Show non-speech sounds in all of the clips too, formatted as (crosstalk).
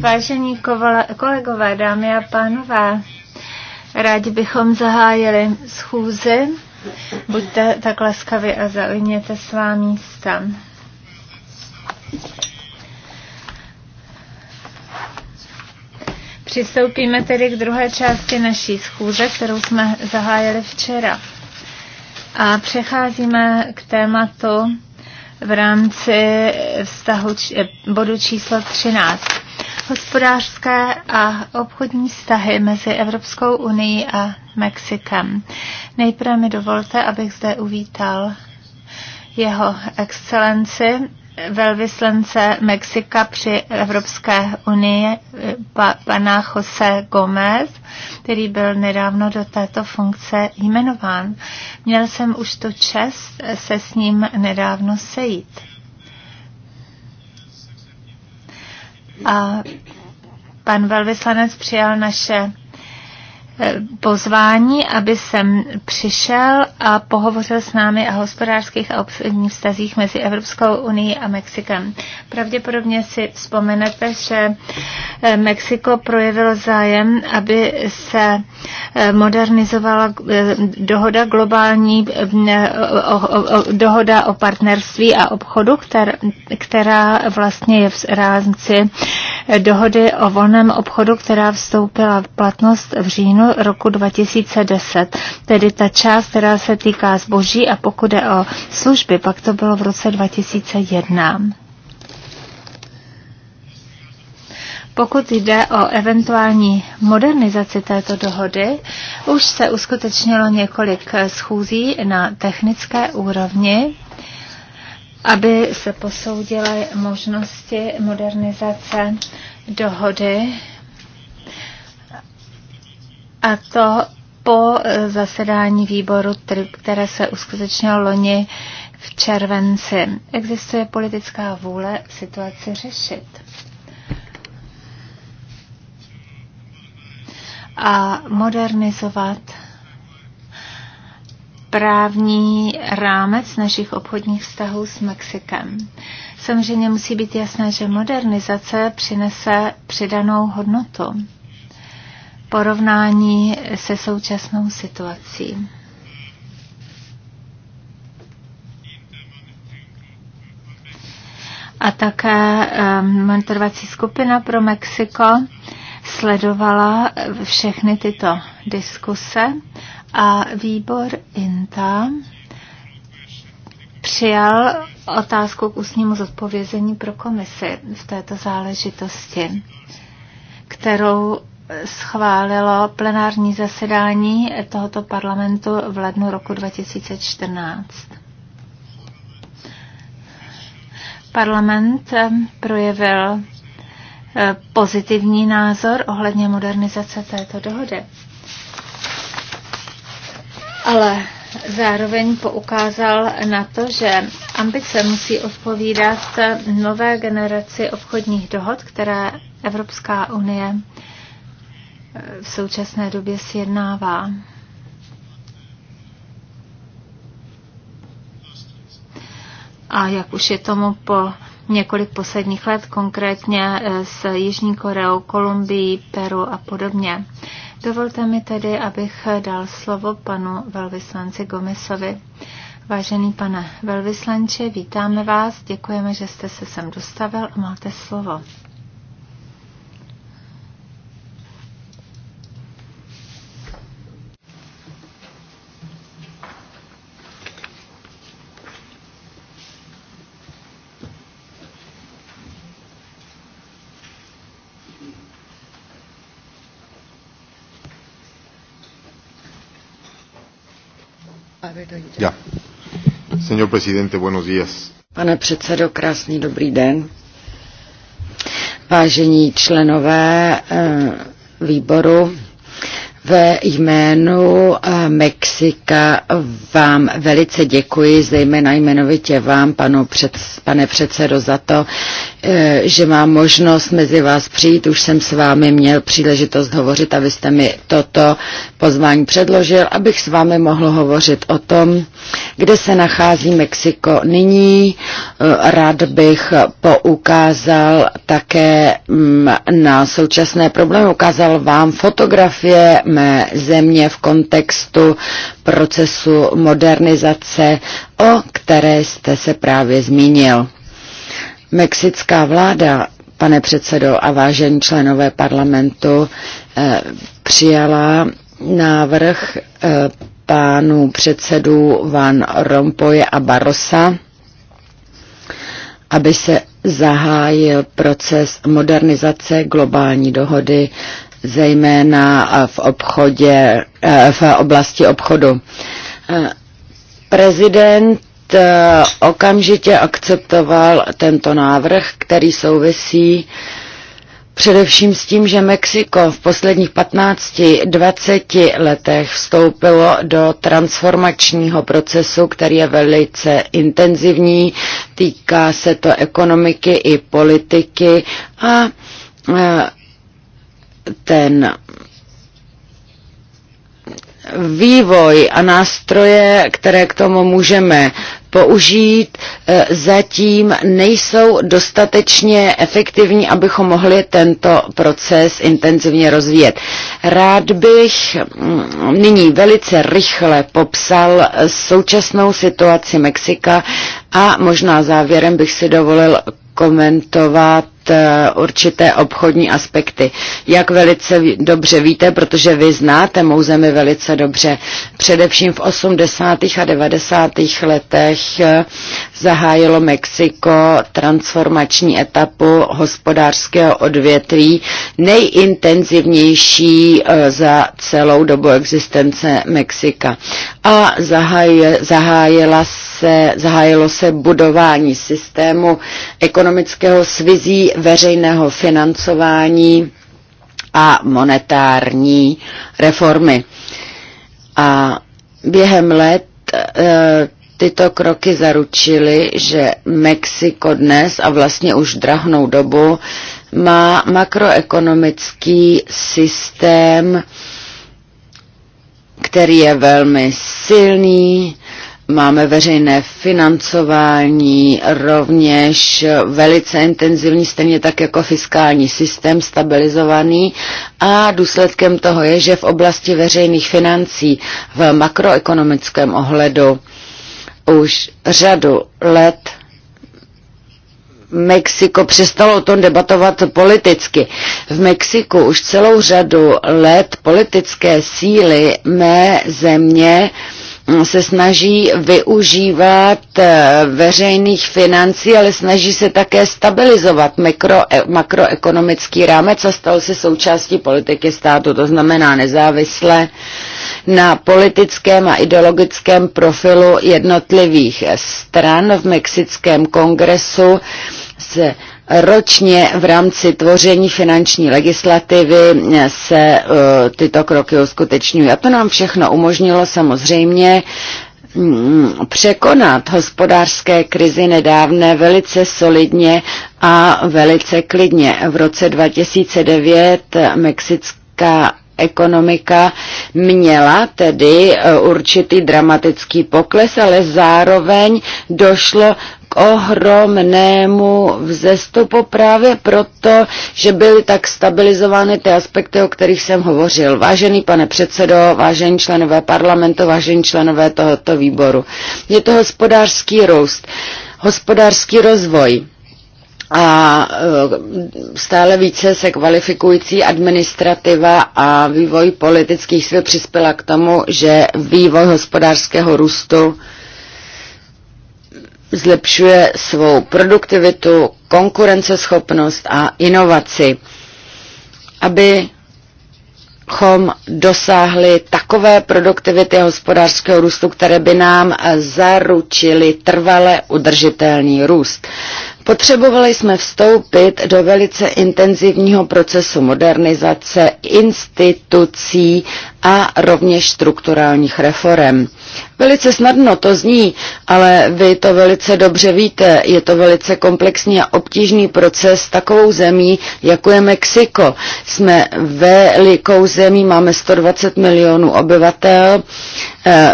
Vážení kolegové, dámy a pánové, rádi bychom zahájili schůzi. Buďte tak laskavi a zaujměte svá místa. Přistoupíme tedy k druhé části naší schůze, kterou jsme zahájili včera. A přecházíme k tématu v rámci vztahu č- eh, bodu číslo 13. Hospodářské a obchodní vztahy mezi Evropskou unii a Mexikem. Nejprve mi dovolte, abych zde uvítal jeho excelenci velvyslance Mexika při Evropské unii pa, pana Jose Gomez, který byl nedávno do této funkce jmenován. Měl jsem už tu čest se s ním nedávno sejít. A pan velvyslanec přijal naše Eh, pozvání, aby jsem přišel a pohovořil s námi o hospodářských a obchodních vztazích mezi Evropskou unii a Mexikem. Pravděpodobně si vzpomenete, že eh, Mexiko projevilo zájem, aby se eh, modernizovala dohoda globální dohoda o partnerství a obchodu, která vlastně je v rámci dohody o volném obchodu, která vstoupila v platnost v říjnu roku 2010, tedy ta část, která se týká zboží a pokud je o služby, pak to bylo v roce 2001. Pokud jde o eventuální modernizaci této dohody, už se uskutečnilo několik schůzí na technické úrovni aby se posoudily možnosti modernizace dohody a to po zasedání výboru, které se uskutečnilo loni v červenci. Existuje politická vůle situaci řešit. A modernizovat právní rámec našich obchodních vztahů s Mexikem. Samozřejmě musí být jasné, že modernizace přinese přidanou hodnotu porovnání se současnou situací. A také eh, monitorovací skupina pro Mexiko sledovala všechny tyto diskuse a výbor INTA přijal otázku k ústnímu zodpovězení pro komisi v této záležitosti, kterou schválilo plenární zasedání tohoto parlamentu v lednu roku 2014. Parlament eh, projevil eh, pozitivní názor ohledně modernizace této dohody ale zároveň poukázal na to, že ambice musí odpovídat nové generaci obchodních dohod, které Evropská unie eh, v současné době sjednává. A jak už je tomu po několik posledních let, konkrétně eh, s Jižní Koreou, Kolumbií, Peru a podobně. Dovolte mi tedy, abych dal slovo panu velvyslanci Gomesovi. Vážený pane velvyslanče, vítáme vás, děkujeme, že jste se sem dostavil a máte slovo. Ja. Señor presidente, buenos días. Pane předsedo, krásný dobrý den. Vážení členové eh, výboru, ve jménu eh, Mexika vám velice děkuji, zejména jmenovitě vám, panu před, pane předsedo, za to, eh, že mám možnost mezi vás přijít. Už jsem s vámi měl příležitost hovořit a mi toto pozvání předložil, abych s vámi mohl hovořit o tom, kde se nachází Mexiko nyní. Eh, rád bych poukázal také mm, na současné problémy, ukázal vám fotografie mé země v kontextu procesu modernizace, o které jste se právě zmínil. Mexická vláda, pane předsedo a vážení členové parlamentu, eh, přijala návrh eh, pánů předsedů Van Rompoje a Barosa, aby se zahájil proces modernizace globální dohody zejména v, obchodě, eh, v oblasti obchodu. Eh, prezident eh, okamžitě akceptoval tento návrh, který souvisí Především s tím, že Mexiko v posledních 15-20 letech vstoupilo do transformačního procesu, který je velice intenzivní, týká se to ekonomiky i politiky a ten vývoj a nástroje, které k tomu můžeme použít, eh, zatím nejsou dostatečně efektivní, abychom mohli tento proces intenzivně rozvíjet. Rád bych mm, nyní velice rychle popsal eh, současnou situaci Mexika a možná závěrem bych si dovolil komentovat eh, určité obchodní aspekty. Jak velice dobře víte, protože vy znáte mou zemi velice dobře, především v 80. a 90. letech eh, zahájilo Mexiko transformační etapu hospodářského odvětví, nejintenzivnější eh, za celou dobu existence Mexika. A zahájila se, zahájilo se budování systému ekonomického svizí veřejného financování a monetární reformy. A během let e, tyto kroky zaručily, že Mexiko dnes a vlastně už drahnou dobu má makroekonomický systém, který je velmi silný, Máme veřejné financování, rovněž velice intenzivní, stejně tak jako fiskální systém stabilizovaný a důsledkem toho je, že v oblasti veřejných financí v makroekonomickém ohledu už řadu let Mexiko přestalo o tom debatovat politicky. V Mexiku už celou řadu let politické síly mé země uh, Mm, se snaží využívat eh, veřejných financí, ale snaží se také stabilizovat mikro, e, makroekonomický rámec a stal se součástí politiky státu, to znamená nezávisle na politickém a ideologickém profilu jednotlivých stran v Mexickém kongresu se Ročně v rámci tvoření finanční legislativy se e, tyto kroky uskutečňují. A to nám všechno umožnilo samozřejmě mm, překonat hospodářské krizi nedávné velice solidně a velice klidně. V roce 2009 mexická ekonomika měla tedy e, určitý dramatický pokles, ale zároveň došlo k ohromnému vzestupu právě proto, že byly tak stabilizovány ty aspekty, o kterých jsem hovořil. Vážený pane předsedo, vážení členové parlamentu, vážení členové tohoto výboru. Je to hospodářský růst, hospodářský rozvoj a e, stále více se kvalifikující administrativa a vývoj politických svět přispěla k tomu, že vývoj hospodářského růstu zlepšuje svou produktivitu, konkurenceschopnost a inovaci, abychom dosáhli takové produktivity hospodářského růstu, které by nám zaručily trvale udržitelný růst. Potřebovali jsme vstoupit do velice intenzivního procesu modernizace institucí a rovněž strukturálních reform. Velice snadno to zní, ale vy to velice dobře víte. Je to velice komplexní a obtížný proces s takovou zemí, jako je Mexiko. Jsme velikou zemí, máme 120 milionů obyvatel eh,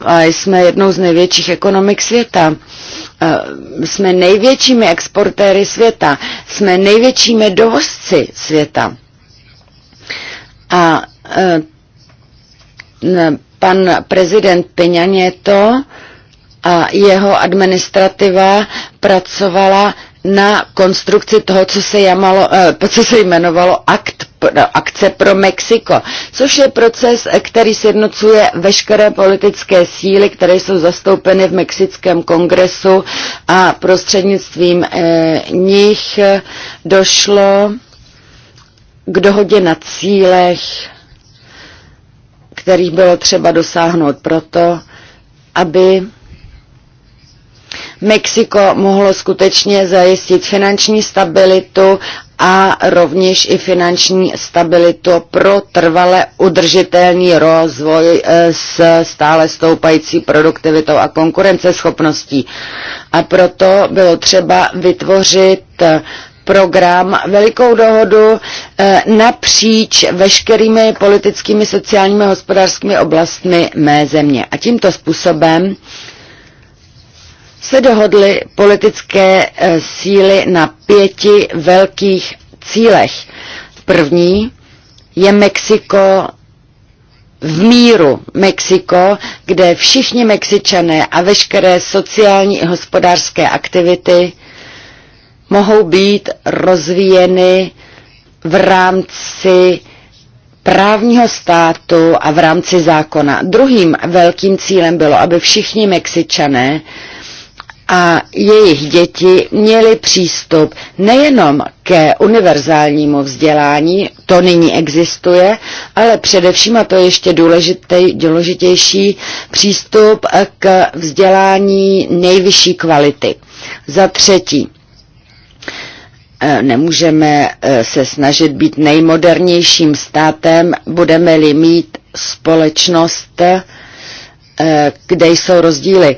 a jsme jednou z největších ekonomik světa. Eh, jsme největšími exportéry světa, jsme největšími dovozci světa. A eh, Pan prezident Peňaněto a jeho administrativa pracovala na konstrukci toho, co se, jamalo, eh, co se jmenovalo akt, no, akce pro Mexiko, což je proces, eh, který sjednocuje veškeré politické síly, které jsou zastoupeny v Mexickém kongresu a prostřednictvím eh, nich došlo k dohodě na cílech kterých bylo třeba dosáhnout proto, aby Mexiko mohlo skutečně zajistit finanční stabilitu a rovněž i finanční stabilitu pro trvale udržitelný rozvoj eh, s stále stoupající produktivitou a konkurenceschopností. A proto bylo třeba vytvořit program, velikou dohodu eh, napříč veškerými politickými, sociálními a hospodářskými oblastmi mé země. A tímto způsobem se dohodly politické eh, síly na pěti velkých cílech. První je Mexiko v míru Mexiko, kde všichni Mexičané a veškeré sociální i hospodářské aktivity mohou být rozvíjeny v rámci právního státu a v rámci zákona. Druhým velkým cílem bylo, aby všichni Mexičané a jejich děti měli přístup nejenom ke univerzálnímu vzdělání, to nyní existuje, ale především, a to je ještě důležitý, důležitější, přístup k vzdělání nejvyšší kvality. Za třetí, Eh, nemůžeme eh, se snažit být nejmodernějším státem, budeme-li mít společnost, eh, kde jsou rozdíly.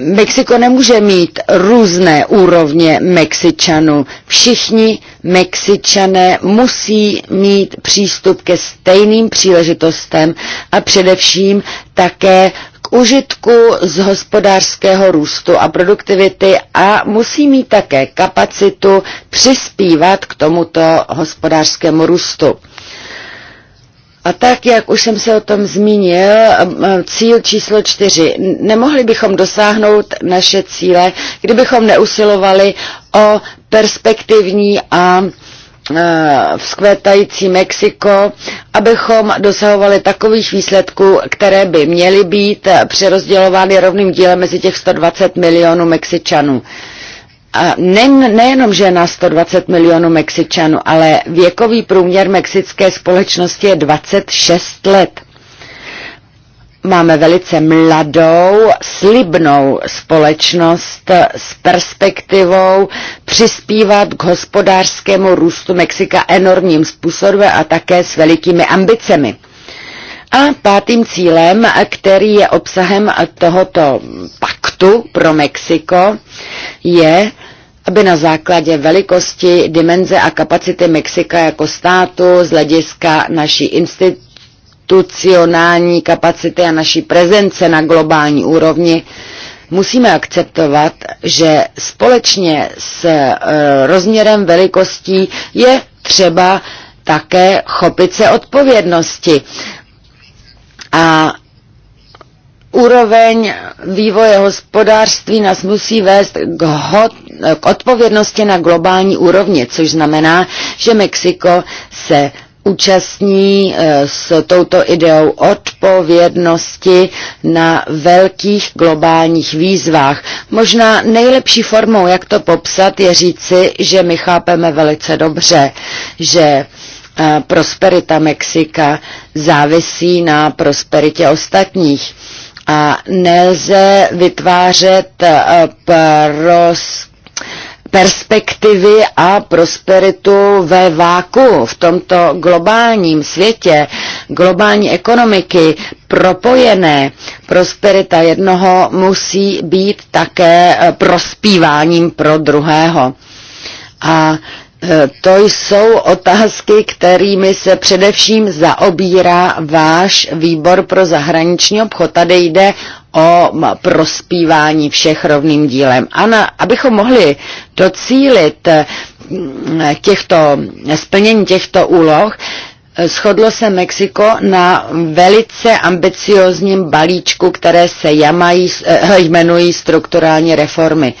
Mexiko nemůže mít různé úrovně Mexičanů. Všichni Mexičané musí mít přístup ke stejným příležitostem a především také k užitku z hospodářského růstu a produktivity a musí mít také kapacitu přispívat k tomuto hospodářskému růstu. A tak, jak už jsem se o tom zmínil, cíl číslo čtyři. Nemohli bychom dosáhnout naše cíle, kdybychom neusilovali o perspektivní a vzkvétající Mexiko, abychom dosahovali takových výsledků, které by měly být přerozdělovány rovným dílem mezi těch 120 milionů Mexičanů. A ne, nejenom, že na 120 milionů Mexičanů, ale věkový průměr mexické společnosti je 26 let. Máme velice mladou, slibnou společnost s perspektivou přispívat k hospodářskému růstu Mexika enormním způsobem a také s velikými ambicemi. A pátým cílem, který je obsahem tohoto paktu pro Mexiko, je aby na základě velikosti, dimenze a kapacity Mexika jako státu z hlediska naší institu- institucionální kapacity a naší prezence na globální úrovni, musíme akceptovat, že společně s e, rozměrem velikostí je třeba také chopit se odpovědnosti. A úroveň vývoje hospodářství nás musí vést k, hot, k odpovědnosti na globální úrovni, což znamená, že Mexiko se účastní eh, s touto ideou odpovědnosti na velkých globálních výzvách. Možná nejlepší formou, jak to popsat, je říci, že my chápeme velice dobře, že eh, prosperita Mexika závisí na prosperitě ostatních a nelze vytvářet eh, prosperitu perspektivy a prosperitu ve váku v tomto globálním světě, globální ekonomiky propojené. Prosperita jednoho musí být také eh, prospíváním pro druhého. A eh, to jsou otázky, kterými se především zaobírá váš výbor pro zahraniční obchod. Tady jde o prospívání všech rovným dílem. A na, abychom mohli docílit těchto, splnění těchto úloh, Shodlo se Mexiko na velice ambiciozním balíčku, které se jamají, eh, jmenují strukturální reformy.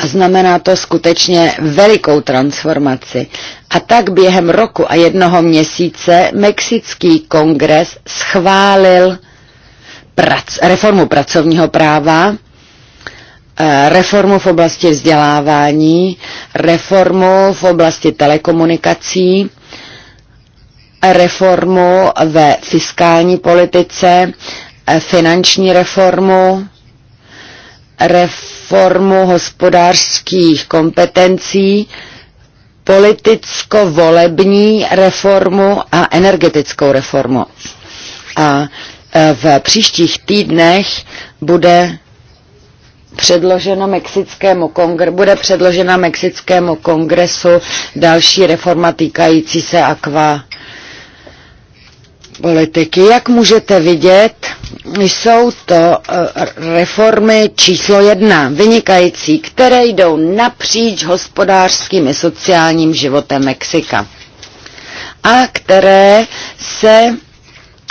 Znamená to skutečně velikou transformaci. A tak během roku a jednoho měsíce Mexický kongres schválil prac, reformu pracovního práva, eh, reformu v oblasti vzdělávání, reformu v oblasti telekomunikací, reformu ve fiskální politice, eh, finanční reformu, reformu reformu hospodářských kompetencí, politicko-volební reformu a energetickou reformu. A e, v příštích týdnech bude předloženo Mexickému kongre- bude předložena Mexickému kongresu další reforma týkající se aqua politiky. Jak můžete vidět, jsou to eh, reformy číslo jedna, vynikající, které jdou napříč hospodářským i sociálním životem Mexika a které se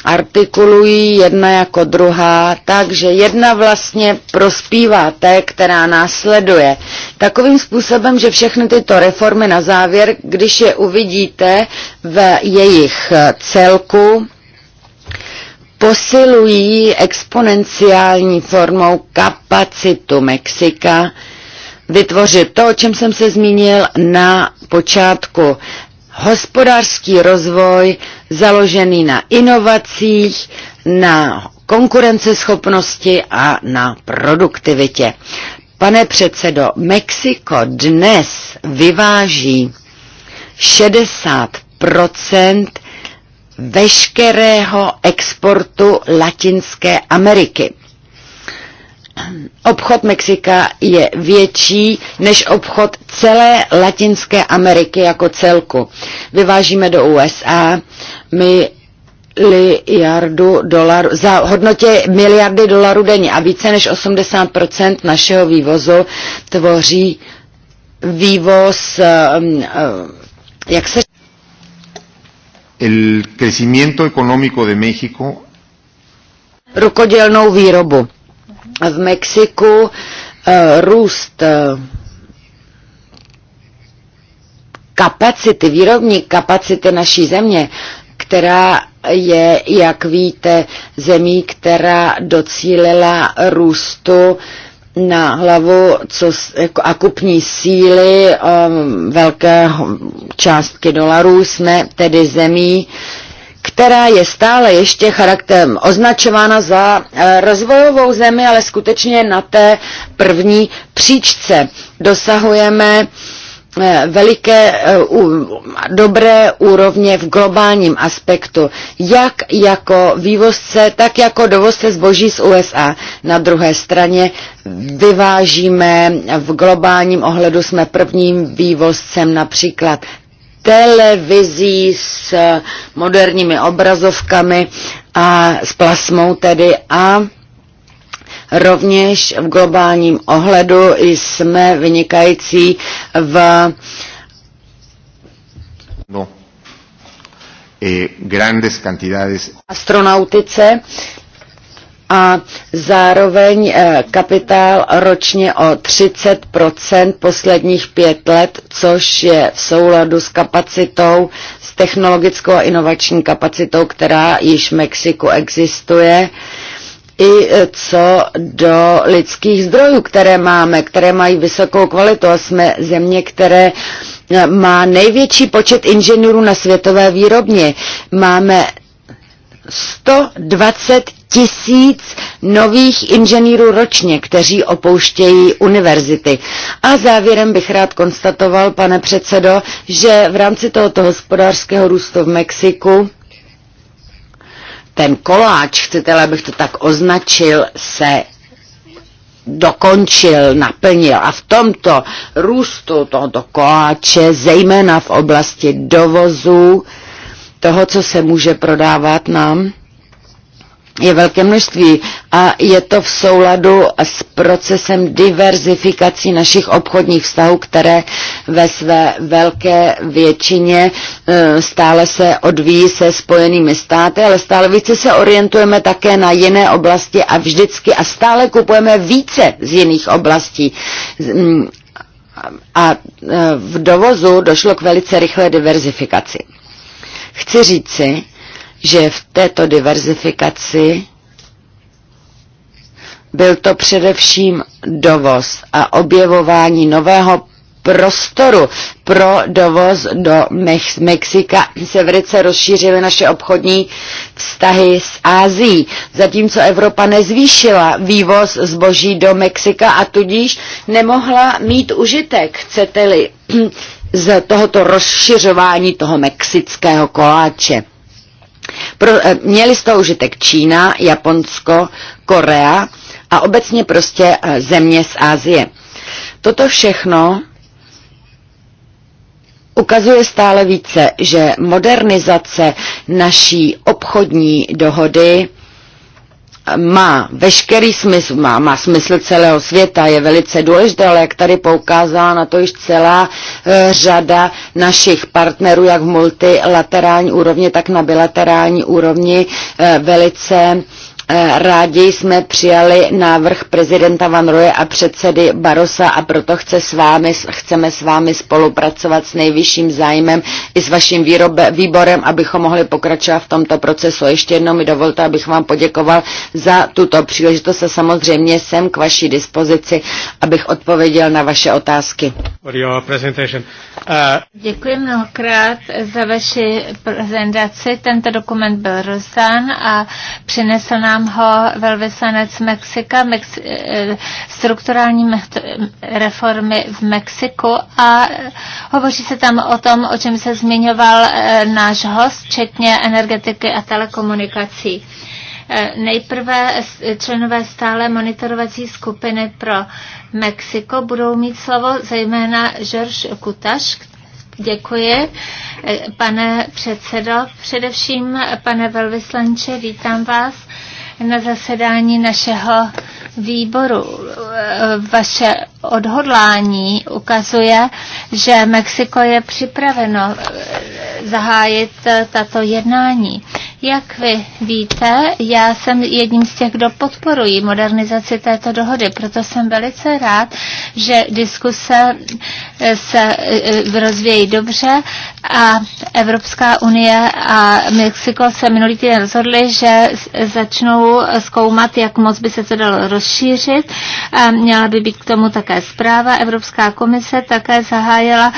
artikulují jedna jako druhá, takže jedna vlastně prospívá té, která následuje. Takovým způsobem, že všechny tyto reformy na závěr, když je uvidíte v jejich eh, celku, posilují exponenciální formou kapacitu Mexika vytvořit to, o čem jsem se zmínil na počátku. Hospodářský rozvoj založený na inovacích, na konkurenceschopnosti a na produktivitě. Pane předsedo, Mexiko dnes vyváží 60 veškerého exportu Latinské Ameriky. Obchod Mexika je větší než obchod celé Latinské Ameriky jako celku. Vyvážíme do USA miliardu dolarů, za hodnotě miliardy dolarů denně a více než 80% našeho vývozu tvoří vývoz, um, uh, jak se el crecimiento económico de México. Rukodielnou výrobu. V Mexiku uh, růst uh, kapacity, výrobní kapacity naší země, která je, jak víte, zemí, která docílila růstu uh, na hlavu co, a jako kupní síly um, velké částky dolarů jsme tedy zemí, která je stále ještě charakterem označována za eh, rozvojovou zemi, ale skutečně na té první příčce dosahujeme uh, Eh, veliké eh, dobré úrovně v globálním aspektu, jak jako vývozce, tak jako dovozce zboží z USA. Na druhé straně vyvážíme v globálním ohledu, jsme prvním vývozcem například televizí s moderními obrazovkami a s plasmou tedy a Rovněž v globálním ohledu jsme vynikající v no. Eh, grandes cantidades. astronautice a zároveň eh, kapitál ročně o 30 posledních pět let, což je v souladu s kapacitou, s technologickou a inovační kapacitou, která již v Mexiku existuje i co do lidských zdrojů, které máme, které mají vysokou kvalitu a jsme země, které eh, má největší počet inženýrů na světové výrobně. Máme 120 tisíc nových inženýrů ročně, kteří opouštějí univerzity. A závěrem bych rád konstatoval, pane předsedo, že v rámci tohoto hospodářského růstu v Mexiku ten koláč, chcete abych to tak označil, se dokončil, naplnil. A v tomto růstu tohoto koláče, zejména v oblasti dovozu, toho, co se může prodávat nám, je velké množství a je to v souladu s procesem diverzifikací našich obchodních vztahů, které ve své velké většině e, stále se odvíjí se spojenými státy, ale stále více se orientujeme také na jiné oblasti a vždycky a stále kupujeme více z jiných oblastí. A e, v dovozu došlo k velice rychlé diverzifikaci. Chci říci, že v této diverzifikaci byl to především dovoz a objevování nového prostoru pro dovoz do Mex- Mexika se velice rozšířily naše obchodní vztahy s Ázií, zatímco Evropa nezvýšila vývoz zboží do Mexika a tudíž nemohla mít užitek, chcete-li, z tohoto rozšiřování toho mexického koláče. Pro, eh, měli z toho užitek Čína, Japonsko, Korea a obecně prostě eh, země z Ázie. Toto všechno ukazuje stále více, že modernizace naší obchodní dohody má veškerý smysl, má, má smysl celého světa, je velice důležité, ale jak tady poukázala na to již celá e, řada našich partnerů, jak v multilaterální úrovni, tak na bilaterální úrovni, e, velice Eh, rádi jsme přijali návrh prezidenta Van Roje a předsedy Barosa a proto chce s vámi, chceme s vámi spolupracovat s nejvyšším zájmem i s vaším výrobe, výborem, abychom mohli pokračovat v tomto procesu. Ještě jednou mi dovolte, abych vám poděkoval za tuto příležitost a samozřejmě jsem k vaší dispozici, abych odpověděl na vaše otázky. Eh, Děkuji mnohokrát za vaši prezentaci. Tento dokument byl rozdán a přinesl nám nám ho velvyslanec Mexika, Mex, eh, strukturální reformy v Mexiku a hovoří se tam o tom, o čem se zmiňoval eh, náš host, včetně energetiky a telekomunikací. Eh, nejprve členové stále monitorovací skupiny pro Mexiko budou mít slovo zejména George Kutaš, Děkuji, pane předsedo. Především, pane velvyslanče, vítám vás na zasedání našeho výboru. Vaše odhodlání ukazuje, že Mexiko je připraveno zahájit tato jednání. Jak vy víte, já jsem jedním z těch, kdo podporují modernizaci této dohody, proto jsem velice rád, že diskuse eh, se eh, eh, rozvíjí dobře a Evropská unie a Mexiko se minulý týden rozhodli, že začnou zkoumat, jak moc by se to dalo rozšířit. A měla by být k tomu také zpráva. Evropská komise také zahájila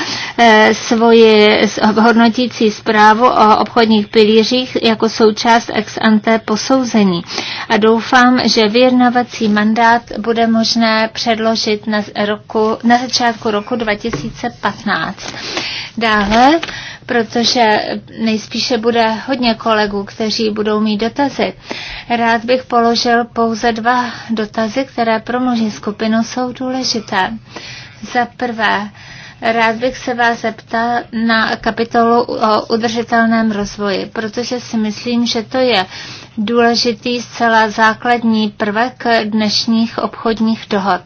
svoji hodnotící zprávu o obchodních pilířích jako součást ex ante posouzení. A doufám, že vyjednavací mandát bude možné předložit na, roku, na začátku roku 2015. Dále, protože nejspíše bude hodně kolegů, kteří budou mít dotazy. Rád bych položil pouze dva dotazy, které pro moji skupinu jsou důležité. Za prvé, Rád bych se vás zeptal na kapitolu o udržitelném rozvoji, protože si myslím, že to je důležitý zcela základní prvek dnešních obchodních dohod.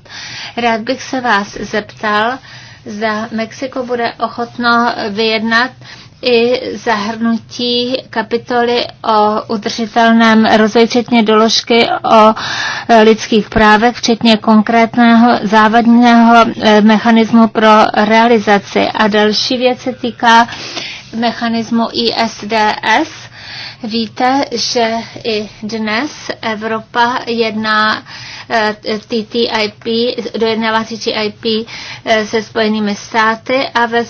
Rád bych se vás zeptal, zda Mexiko bude ochotno vyjednat i zahrnutí kapitoly o udržitelném rozvoji, včetně doložky o e, lidských právech, včetně konkrétného závadného e, mechanismu pro realizaci. A další věc se týká mechanismu ISDS, Víte, že i dnes Evropa jedná eh, TTIP, dojednává TTIP eh, se Spojenými státy a ve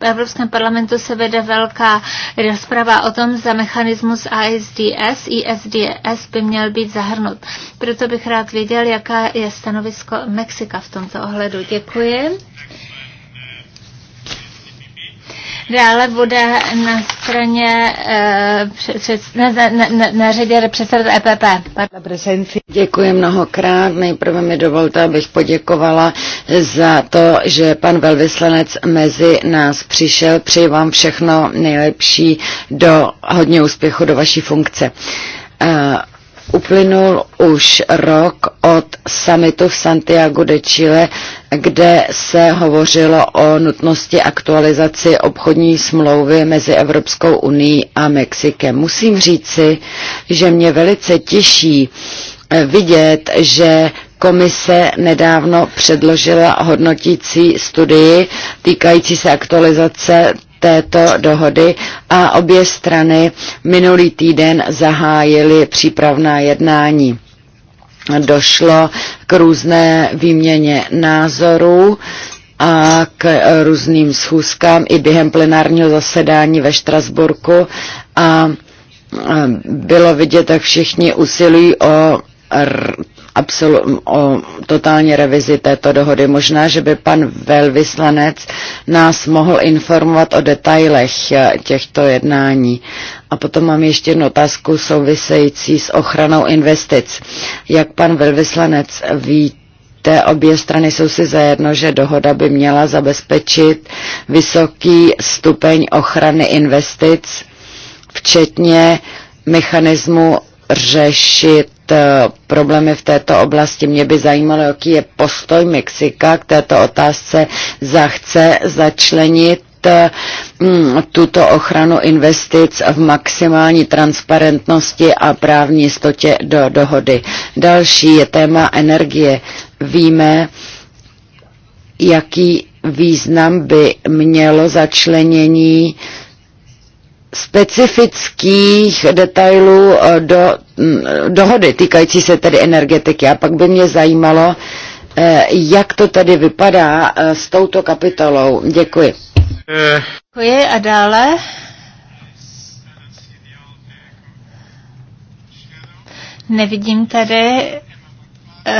Evropském parlamentu se vede velká rozprava o tom, za mechanismus ISDS, ISDS by měl být zahrnut. Proto bych rád věděl, jaká je stanovisko Mexika v tomto ohledu. Děkuji. Dále bude na straně eh, na, řadě představit EPP. Děkuji mnohokrát. Nejprve mi dovolte, abych poděkovala za to, že pan velvyslanec mezi nás přišel. Přeji vám všechno nejlepší do hodně úspěchu do vaší funkce. Eh, Uplynul už rok od samitu v Santiago de Chile, kde se hovořilo o nutnosti aktualizaci obchodní smlouvy mezi Evropskou unii a Mexikem. Musím říci, že mě velice těší eh, vidět, že Komise nedávno předložila hodnotící studii týkající se aktualizace této dohody a obě strany minulý týden zahájily přípravná jednání. Došlo k různé výměně názorů a k různým schůzkám i během plenárního zasedání ve Štrasburku a bylo vidět, jak všichni usilují o absolu- o totální revizi této dohody. Možná, že by pan velvyslanec nás mohl informovat o detailech eh, těchto jednání. A potom mám ještě jednu otázku související s ochranou investic. Jak pan velvyslanec ví, té obě strany jsou si zajedno, že dohoda by měla zabezpečit vysoký stupeň ochrany investic, včetně mechanismu řešit Eh, problémy v této oblasti. Mě by zajímalo, jaký je postoj Mexika k této otázce. chce začlenit eh, mm, tuto ochranu investic v maximální transparentnosti a právní jistotě do dohody. Další je téma energie. Víme, jaký význam by mělo začlenění uh, specifických detailů eh, do mm, dohody týkající se tedy energetiky. A pak by mě zajímalo, eh, jak to tedy vypadá eh, s touto kapitolou. Děkuji. Děkuji a dále. Nevidím tady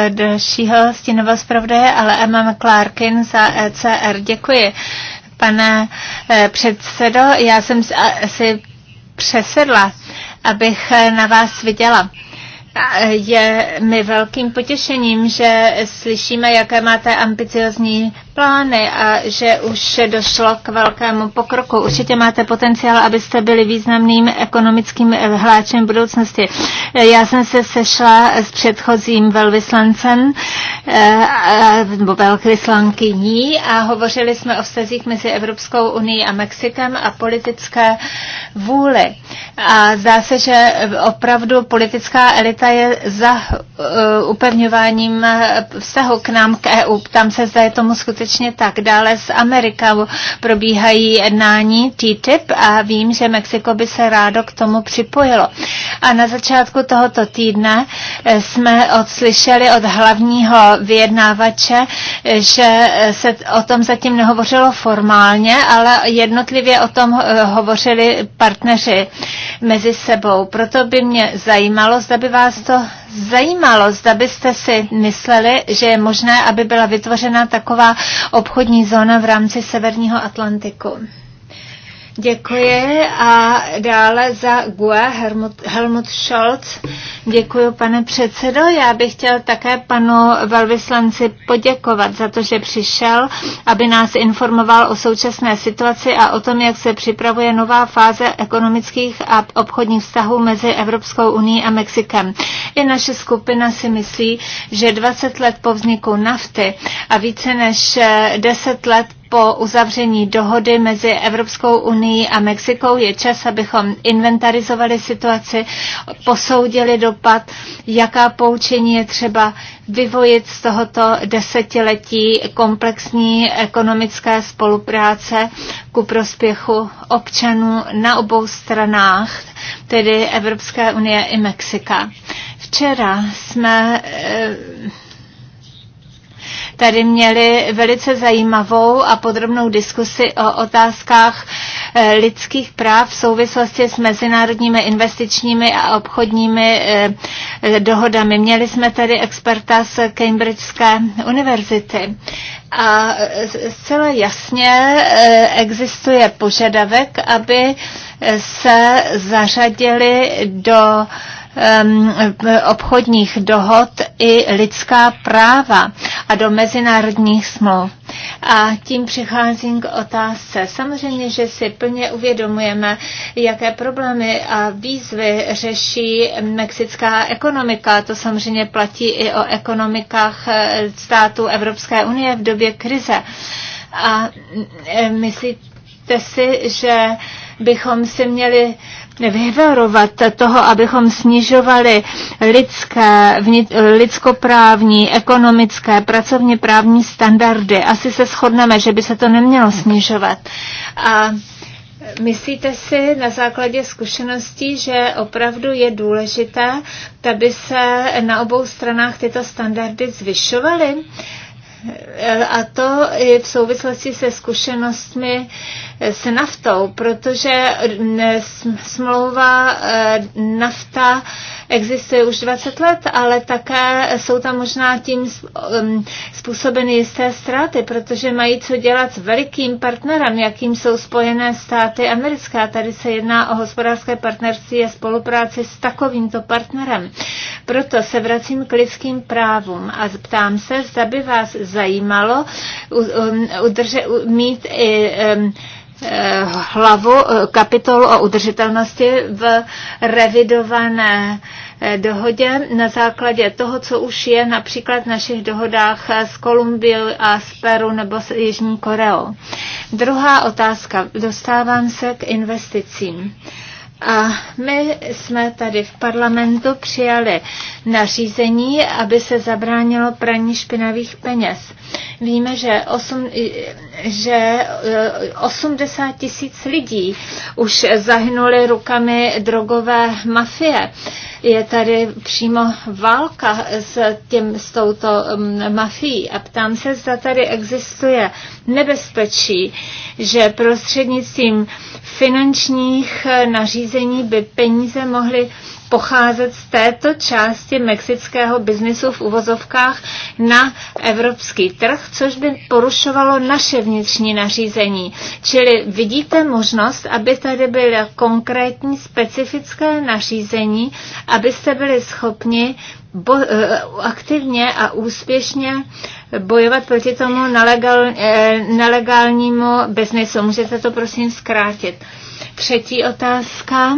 dalšího stínového zpravodaje, ale Emma McClarkin za ECR. Děkuji. Pane eh, předsedo, já jsem si přesedla, abych eh, na vás viděla. Eh, je mi velkým potěšením, že slyšíme, jaké máte ambiciozní plány a že už došlo k velkému pokroku. Určitě máte potenciál, abyste byli významným ekonomickým hláčem v budoucnosti. Já jsem se sešla s předchozím velvyslancem eh, nebo velvyslankyní a hovořili jsme o vztazích mezi Evropskou unii a Mexikem a politické vůli. A zdá se, že opravdu politická elita je za eh, upevňováním vztahu k nám, k EU. Tam se zdá, je tomu skutečně skutečně tak. Dále s Amerikou probíhají jednání TTIP a vím, že Mexiko by se rádo k tomu připojilo. A na začátku tohoto týdne eh, jsme odslyšeli od hlavního vyjednávače, eh, že eh, se o tom zatím nehovořilo formálně, ale jednotlivě o tom hovořili partneři mezi sebou. Proto by mě zajímalo, zda by vás to zajímalo, zda byste si mysleli, že je možné, aby byla vytvořena taková obchodní zóna v rámci Severního Atlantiku. Děkuji a dále za GUE Helmut, Helmut Scholz. Děkuji, pane předsedo. Já bych chtěl také panu velvyslanci poděkovat za to, že přišel, aby nás informoval o současné situaci a o tom, jak se připravuje nová fáze ekonomických a obchodních vztahů mezi Evropskou unii a Mexikem. I naše skupina si myslí, že 20 let po vzniku nafty a více než 10 eh, let po uzavření dohody mezi Evropskou unii a Mexikou je čas, abychom inventarizovali situaci, posoudili dopad, jaká poučení je třeba vyvojit z tohoto desetiletí komplexní ekonomické spolupráce ku prospěchu občanů na obou stranách, tedy Evropské unie i Mexika. Včera jsme eh, tady měli velice zajímavou a podrobnou diskusi o otázkách eh, lidských práv v souvislosti s mezinárodními investičními a obchodními eh, dohodami. Měli jsme tady experta z Cambridgeské univerzity. A zcela jasně eh, existuje požadavek, aby se zařadili do obchodních dohod i lidská práva a do mezinárodních smluv. A tím přicházím k otázce. Samozřejmě, že si plně uvědomujeme, jaké problémy a výzvy řeší mexická ekonomika. To samozřejmě platí i o ekonomikách eh, států Evropské unie v době krize. A mm, eh, myslíte si, že bychom si měli vyvarovat toho, abychom snižovali lidské, vnit, lidskoprávní, ekonomické, pracovně právní standardy. Asi se shodneme, že by se to nemělo snižovat. A Myslíte si na základě zkušeností, že opravdu je důležité, aby se na obou stranách tyto standardy zvyšovaly? a to i v souvislosti se zkušenostmi s naftou, protože smlouva eh, nafta existuje už 20 let, ale také jsou tam možná tím um, způsobeny jisté ztráty, protože mají co dělat s velikým partnerem, jakým jsou Spojené státy americká. Tady se jedná o hospodářské partnerství a spolupráci s takovýmto partnerem. Proto se vracím k lidským právům a ptám se, zda by vás zajímalo um, udrže, mít i um, hlavu kapitolu o udržitelnosti v revidované eh, dohodě na základě toho, co už je například v našich dohodách s Kolumbiou a s Peru nebo s Jižní Koreou. Druhá otázka. Dostávám se k investicím. A my jsme tady v parlamentu přijali nařízení, aby se zabránilo praní špinavých peněz. Víme, že, 8, že 80 e, tisíc lidí už zahynuli rukami drogové mafie. Je tady přímo válka s, tím, s touto mafií a ptám se, zda tady existuje nebezpečí, že prostřednictvím finančních nařízení nařízení by peníze mohly pocházet z této části mexického biznisu v uvozovkách na evropský trh, což by porušovalo naše vnitřní nařízení. Čili vidíte možnost, aby tady byly konkrétní specifické nařízení, abyste byli schopni bo, eh, aktivně a úspěšně bojovat proti tomu eh, nelegálnímu biznisu. Můžete to prosím zkrátit. Třetí otázka.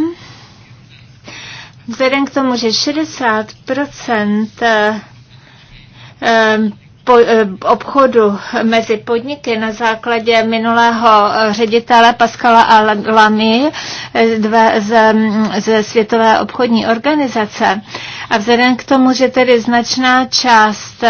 Vzhledem k tomu, že 60 eh, eh, eh, obchodu mezi podniky na základě minulého ředitele Pascala Alamy ze, mm, ze Světové obchodní organizace. A vzhledem k tomu, že tedy značná část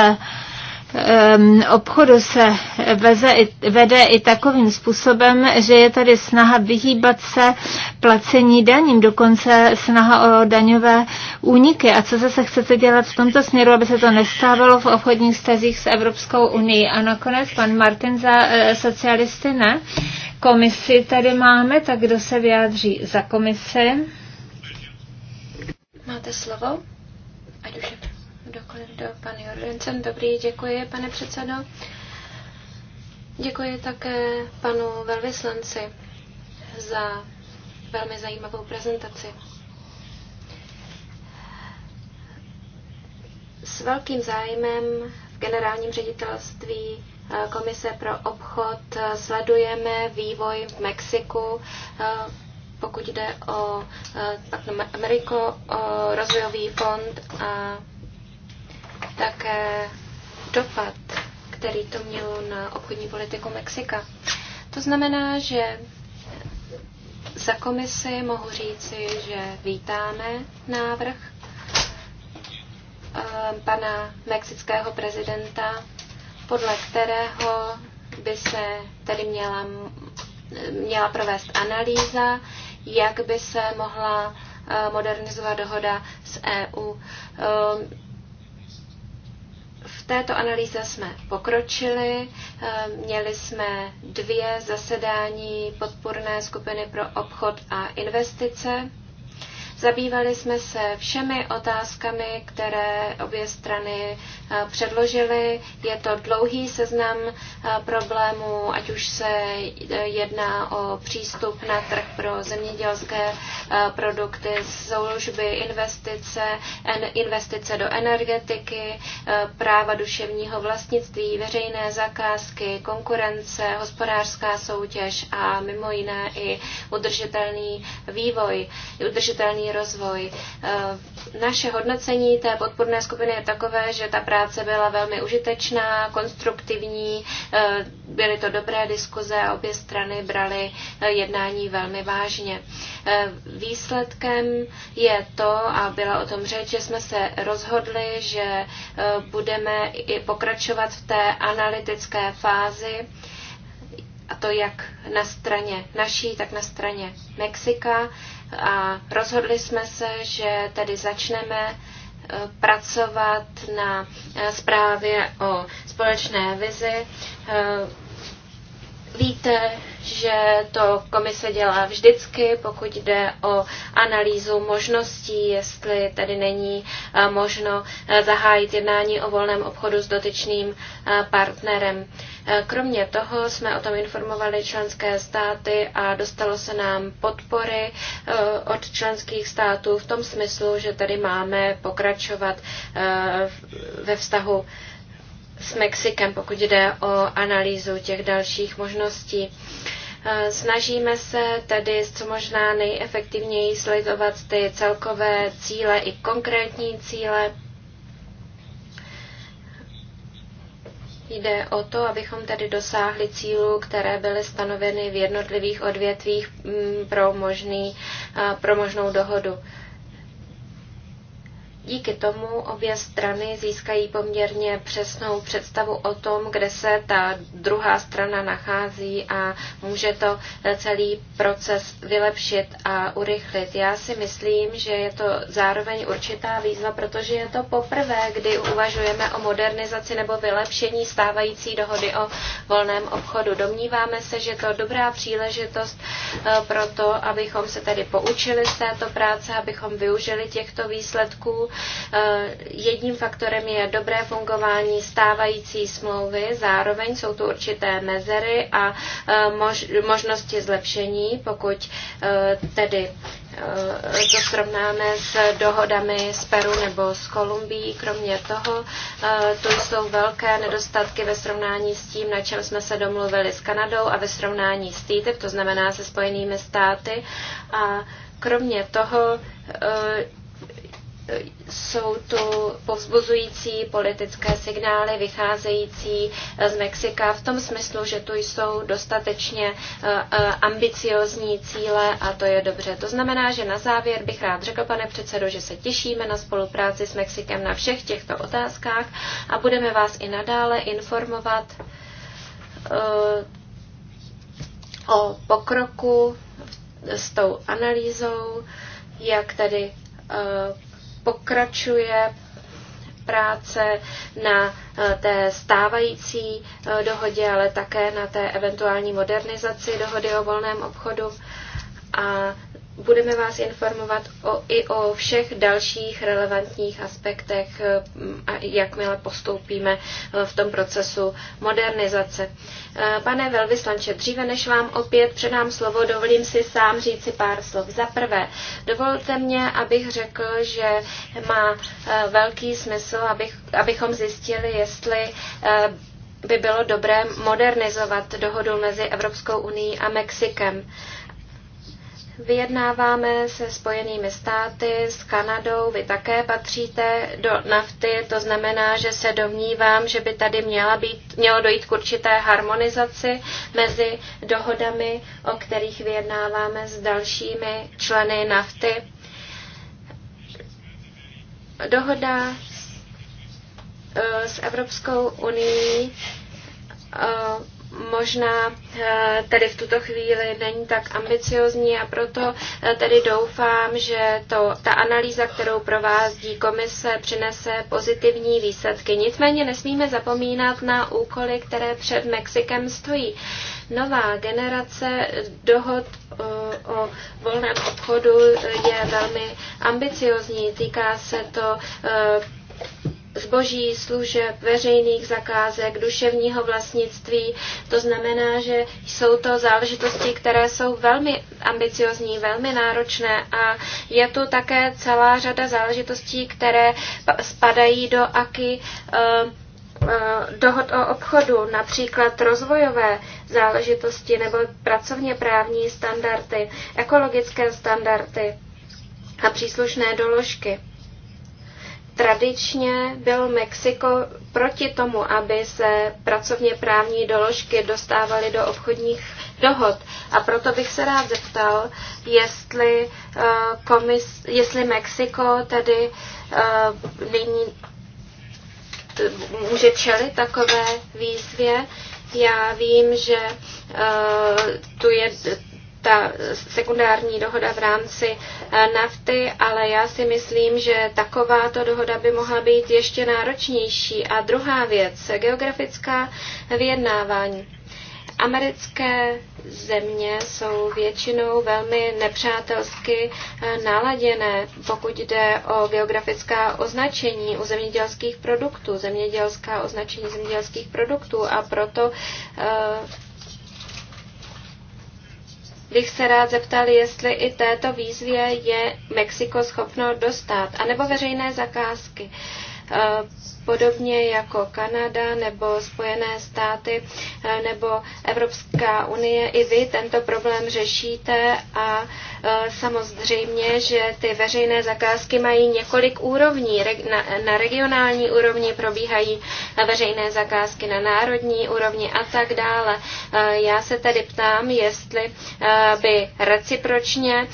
obchodu se veze, vede i takovým způsobem, že je tady snaha vyhýbat se placení daním, dokonce snaha o daňové úniky. A co zase chcete dělat v tomto směru, aby se to nestávalo v obchodních stazích s Evropskou unii? A nakonec pan Martin za eh, socialisty ne. Komisi tady máme, tak kdo se vyjádří za komisi? Máte slovo? Ať už je do pan Jorgensen. Dobrý, děkuji, pane předsedo. Děkuji také panu velvyslanci za velmi zajímavou prezentaci. S velkým zájmem v generálním ředitelství eh, Komise pro obchod eh, sledujeme vývoj v Mexiku, eh, pokud jde o Ameriko, o rozvojový fond a také dopad, který to mělo na obchodní politiku Mexika. To znamená, že za komisi mohu říci, že vítáme návrh eh, pana mexického prezidenta, podle kterého by se tedy měla, měla provést analýza, jak by se mohla eh, modernizovat dohoda s EU. Eh, této analýze jsme pokročili. Eh, měli jsme dvě zasedání podporné skupiny pro obchod a investice. Zabývali jsme se všemi otázkami, které obě strany eh, předložily. Je to dlouhý seznam eh, problémů, ať už se eh, jedná o přístup na trh pro zemědělské produkty, služby, investice, investice do energetiky, práva duševního vlastnictví, veřejné zakázky, konkurence, hospodářská soutěž a mimo jiné i udržitelný vývoj, udržitelný rozvoj. Eh, naše hodnocení té podporné skupiny je takové, že ta práce byla velmi užitečná, konstruktivní, eh, byly to dobré diskuze a obě strany braly eh, jednání velmi vážně. Výsledkem je to, a byla o tom řeč, že jsme se rozhodli, že budeme i pokračovat v té analytické fázi, a to jak na straně naší, tak na straně Mexika a rozhodli jsme se, že tedy začneme eh, pracovat na eh, zprávě o společné vizi eh, Víte, že to komise dělá vždycky, pokud jde o analýzu možností, jestli tedy není eh, možno eh, zahájit jednání o volném obchodu s dotyčným eh, partnerem. Kromě toho jsme o tom informovali členské státy a dostalo se nám podpory od členských států v tom smyslu, že tady máme pokračovat ve vztahu s Mexikem, pokud jde o analýzu těch dalších možností. Snažíme se tedy co možná nejefektivněji sledovat ty celkové cíle i konkrétní cíle. Jde o to, abychom tedy dosáhli cílů, které byly stanoveny v jednotlivých odvětvích mm, pro, možný, pro možnou dohodu. Díky tomu obě strany získají poměrně přesnou představu o tom, kde se ta druhá strana nachází a může to eh, celý proces vylepšit a urychlit. Já si myslím, že je to zároveň určitá výzva, protože je to poprvé, kdy uvažujeme o modernizaci nebo vylepšení stávající dohody o volném obchodu. Domníváme se, že to dobrá příležitost eh, pro to, abychom se tedy poučili z této práce, abychom využili těchto výsledků Eh, jedním faktorem je dobré fungování stávající smlouvy, zároveň jsou tu určité mezery a eh, možnosti zlepšení, pokud eh, tedy to srovnáme s dohodami z Peru nebo z Kolumbií. Kromě toho, tu jsou velké nedostatky ve srovnání s tím, na čem jsme se domluvili s Kanadou a ve srovnání s TTIP, e to znamená se Spojenými státy. A kromě toho jsou tu povzbuzující politické signály vycházející eh, z Mexika v tom smyslu, že tu jsou dostatečně eh, eh, ambiciozní cíle a to je dobře. To znamená, že na závěr bych rád řekl, pane předsedo, že se těšíme na spolupráci s Mexikem na všech těchto otázkách a budeme vás i nadále informovat o pokroku s tou analýzou, jak tedy pokračuje práce na eh, té stávající eh, dohodě, ale také na té eventuální modernizaci dohody o volném obchodu. A budeme vás informovat o, i o všech dalších relevantních aspektech, eh, a jakmile postoupíme eh, v tom procesu modernizace. Eh, pane velvyslanče, dříve než vám opět předám slovo, dovolím si sám říci pár slov. Za prvé, dovolte mě, abych řekl, že má velký smysl, abych, abychom zjistili, jestli by bylo dobré modernizovat dohodu mezi Evropskou unii a Mexikem. Vyjednáváme se Spojenými státy, s Kanadou, vy také patříte do nafty, to znamená, že se domnívám, že by tady měla být, mělo dojít k určité harmonizaci mezi dohodami, o kterých vyjednáváme s dalšími členy nafty. Dohoda eh, s Evropskou unii eh, možná eh, tedy v tuto chvíli není tak ambiciozní a proto eh, tedy doufám, že to, ta analýza, kterou provází komise, přinese pozitivní výsledky. Nicméně nesmíme zapomínat na úkoly, které před Mexikem stojí. Nová generace dohod eh, o volném obchodu je velmi ambiciozní. Týká se to zboží, služeb, veřejných zakázek, duševního vlastnictví. To znamená, že jsou to záležitosti, které jsou velmi ambiciozní, velmi náročné a je tu také celá řada záležitostí, které spadají do AKY eh, eh, dohod o obchodu, například rozvojové záležitosti nebo pracovně právní standardy, ekologické standardy a příslušné doložky. Tradičně byl Mexiko proti tomu, aby se pracovně právní doložky dostávaly do obchodních dohod. A proto bych se rád zeptal, jestli, eh, komis, jestli Mexiko tedy eh, nyní eh, může čelit takové výzvě. Já vím, že tu je ta sekundární dohoda v rámci eh, nafty, ale já si myslím, že takováto dohoda by mohla být ještě náročnější. A druhá věc, geografická vyjednávání. Americké země jsou většinou velmi nepřátelsky eh, naladěné, pokud jde o geografická označení u zemědělských produktů, zemědělská označení zemědělských produktů a proto uh, bych se rád zeptal, jestli i této výzvě je Mexiko schopno dostat, anebo veřejné zakázky. Eh, podobně jako Kanada nebo Spojené státy eh, nebo Evropská unie, i vy tento problém řešíte a eh, samozřejmě, že ty veřejné zakázky mají několik úrovní. Na regionální úrovni probíhají veřejné zakázky, na národní úrovni a tak dále. Eh, já se tedy ptám, jestli by recipročně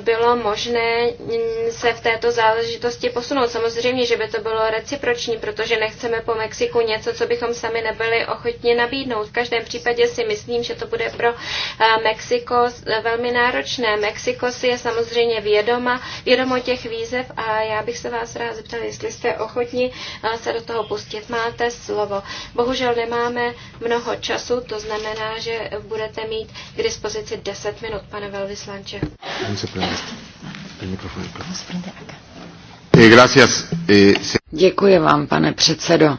bylo možné mm, se v této záležitosti posunout. Samozřejmě, že by to bylo reciproční, protože nechceme po Mexiku něco, co bychom sami nebyli ochotni nabídnout. V každém případě si myslím, že to bude pro eh, Mexiko eh, velmi náročné. Mexiko si je samozřejmě vědoma, vědomo těch výzev a já bych se vás rád zeptala, jestli jste ochotni eh, se do toho pustit. Máte slovo. Bohužel nemáme mnoho času, to znamená, že budete mít k dispozici 10 minut, pane velvyslanče. Vamos prender Eh, eh, Děkuji vám, pane předsedo.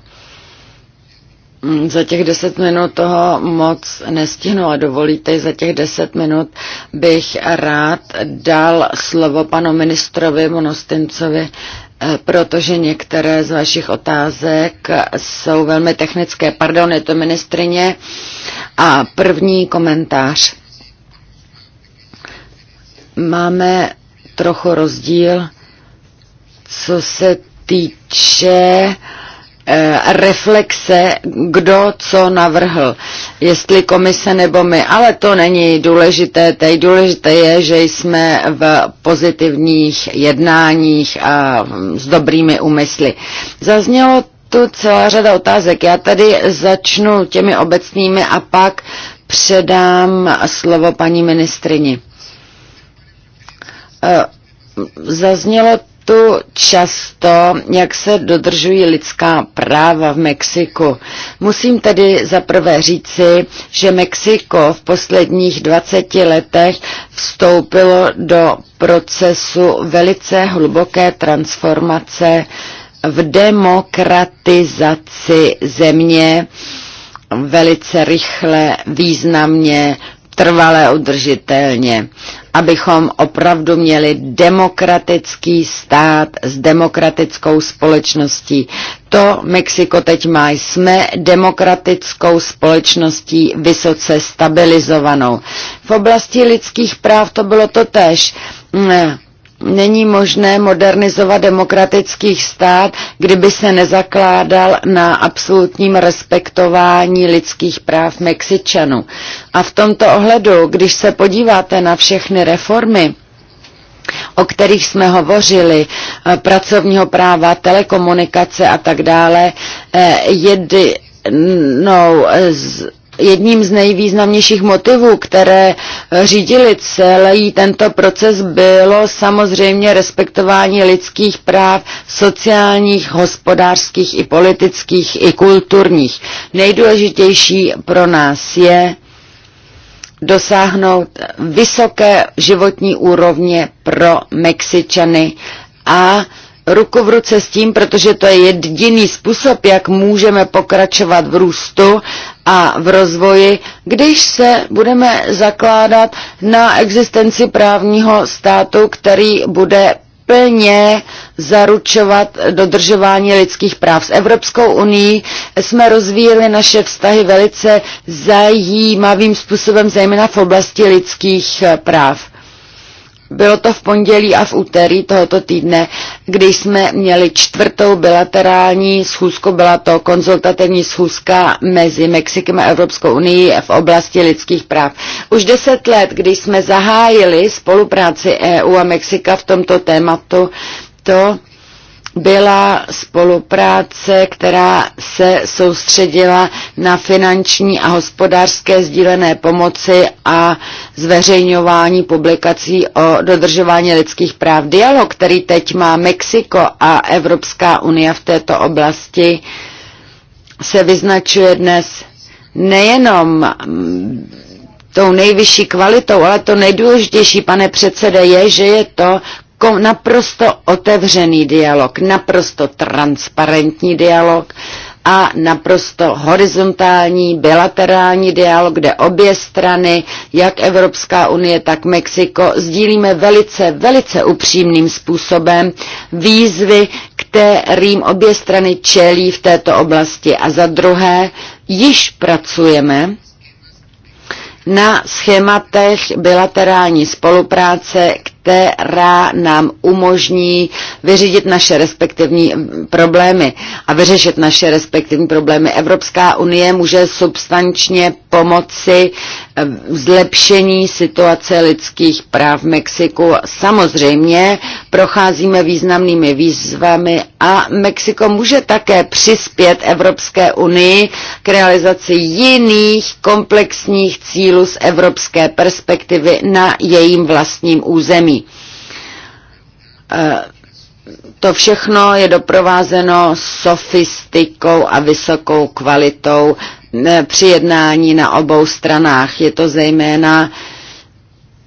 Mm, za těch deset minut toho moc nestihnu, a dovolíte, za těch deset minut bych rád dal slovo panu ministrovi Monostincovi, eh, protože některé z vašich otázek jsou velmi technické. Pardon, je to ministrině. A první komentář. Máme trochu rozdíl co se týče eh, reflexe, kdo co navrhl, jestli komise nebo my, ale to není důležité, teď důležité je, že jsme v pozitivních jednáních a s dobrými úmysly. Zaznělo tu celá řada otázek, já tady začnu těmi obecnými a pak předám slovo paní ministrini. Eh, zaznělo tu často, jak se dodržují lidská práva v Mexiku. Musím tedy zaprvé říci, že Mexiko v posledních 20 letech vstoupilo do procesu velice hluboké transformace v demokratizaci země velice rychle, významně trvalé udržitelně, abychom opravdu měli demokratický stát s demokratickou společností. To Mexiko teď má. Jsme demokratickou společností vysoce stabilizovanou. V oblasti lidských práv to bylo totéž. Ne mm, není možné modernizovat demokratických stát, kdyby se nezakládal na absolutním respektování lidských práv Mexičanů. A v tomto ohledu, když se podíváte na všechny reformy, o kterých jsme hovořili, eh, pracovního práva, telekomunikace a tak dále, eh, jednou z jedním z nejvýznamnějších motivů, které eh, řídili celý tento proces, bylo samozřejmě respektování lidských práv, sociálních, hospodářských i politických i kulturních. Nejdůležitější pro nás je dosáhnout vysoké životní úrovně pro Mexičany a ruku v ruce s tím, protože to je jediný způsob, jak můžeme pokračovat v růstu a v rozvoji, když se budeme zakládat na existenci právního státu, který bude plně zaručovat dodržování lidských práv. S Evropskou unii jsme rozvíjeli naše vztahy velice zajímavým způsobem, zejména v oblasti lidských práv. Bylo to v pondělí a v úterý tohoto týdne, kdy jsme měli čtvrtou bilaterální schůzku, byla to konzultativní schůzka mezi Mexikem a Evropskou unii v oblasti lidských práv. Už deset let, kdy jsme zahájili spolupráci EU a Mexika v tomto tématu, to byla spolupráce, která se soustředila na finanční a hospodářské sdílené pomoci a zveřejňování publikací o dodržování lidských práv. Dialog, který teď má Mexiko a Evropská unie v této oblasti, se vyznačuje dnes nejenom mm, tou nejvyšší kvalitou, ale to nejdůležitější, pane předsede, je, že je to jako naprosto otevřený dialog, naprosto transparentní dialog a naprosto horizontální bilaterální dialog, kde obě strany, jak Evropská unie, tak Mexiko, sdílíme velice, velice upřímným způsobem výzvy, kterým obě strany čelí v této oblasti. A za druhé, již pracujeme na schématech bilaterální spolupráce, která nám umožní vyřídit naše respektivní problémy a vyřešit naše respektivní problémy. Evropská unie může substančně pomoci zlepšení situace lidských práv v Mexiku. Samozřejmě procházíme významnými výzvami a Mexiko může také přispět Evropské unii k realizaci jiných komplexních cílů z evropské perspektivy na jejím vlastním území. E, to všechno je doprovázeno sofistikou a vysokou kvalitou při jednání na obou stranách. Je to zejména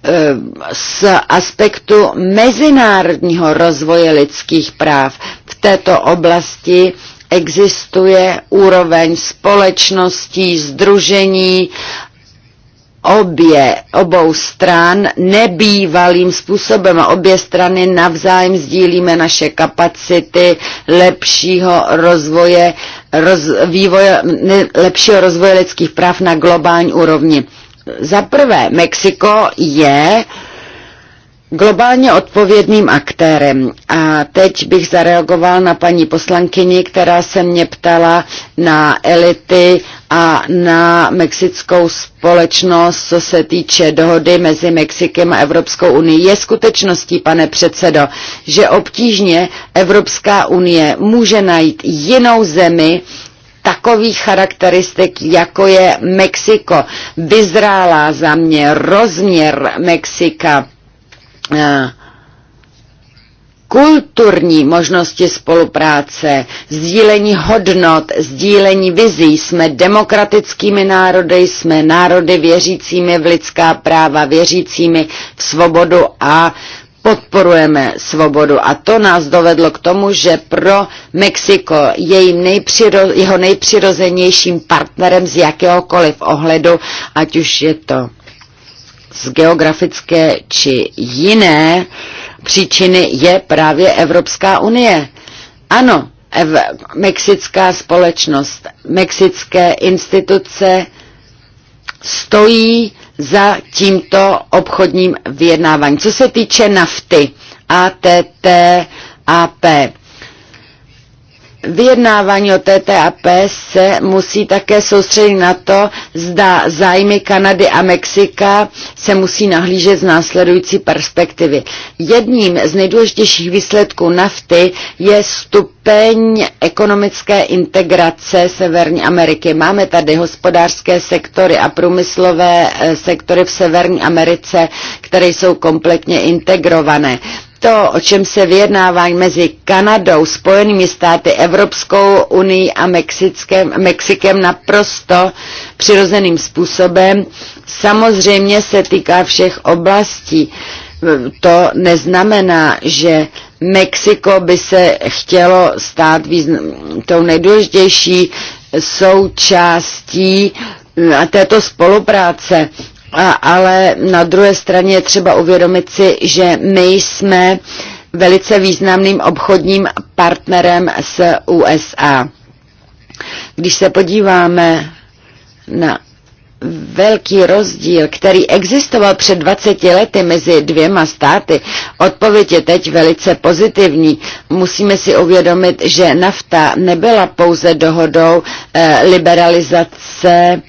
e, z aspektu mezinárodního rozvoje lidských práv. V této oblasti existuje úroveň společností, združení obě, obou stran nebývalým způsobem a obě strany navzájem sdílíme naše kapacity lepšího rozvoje, roz, vývoje, ne, lepšího rozvoje lidských práv na globální úrovni. Za prvé, Mexiko je uh, globálně odpovědným aktérem. A teď bych zareagoval na paní poslankyni, která se mě ptala na elity a na mexickou společnost, co se týče dohody mezi Mexikem a Evropskou unii. Je skutečností, pane předsedo, že obtížně Evropská unie může najít jinou zemi, takových charakteristik, jako je Mexiko, vyzrálá za mě rozměr Mexika Eh, kulturní možnosti spolupráce, sdílení hodnot, sdílení vizí. Jsme demokratickými národy, jsme národy věřícími v lidská práva, věřícími v svobodu a podporujeme svobodu. A to nás dovedlo k tomu, že pro Mexiko je nejpřiro, jeho nejpřirozenějším partnerem z jakéhokoliv ohledu, ať už je to z geografické či jiné příčiny je právě Evropská unie. Ano, ev- mexická společnost, mexické instituce stojí za tímto obchodním vyjednáváním. Co se týče nafty, ATT, AP, Vyjednávání o TTAP se musí také soustředit na to, zda zájmy Kanady a Mexika se musí nahlížet z následující perspektivy. Jedním z nejdůležitějších výsledků nafty je stupeň ekonomické integrace Severní Ameriky. Máme tady hospodářské sektory a průmyslové eh, sektory v Severní Americe, které jsou kompletně integrované. To, o čem se vyjednávání mezi Kanadou, Spojenými státy, Evropskou unii a Mexickem, Mexikem naprosto přirozeným způsobem, samozřejmě se týká všech oblastí. To neznamená, že Mexiko by se chtělo stát význam, tou nejdůležitější součástí e, této spolupráce a, ale na druhé straně je třeba uvědomit si, že my jsme velice významným obchodním partnerem s USA. Když se podíváme na velký rozdíl, který existoval před 20 lety mezi dvěma státy, odpověď je teď velice pozitivní. Musíme si uvědomit, že nafta nebyla pouze dohodou eh, liberalizace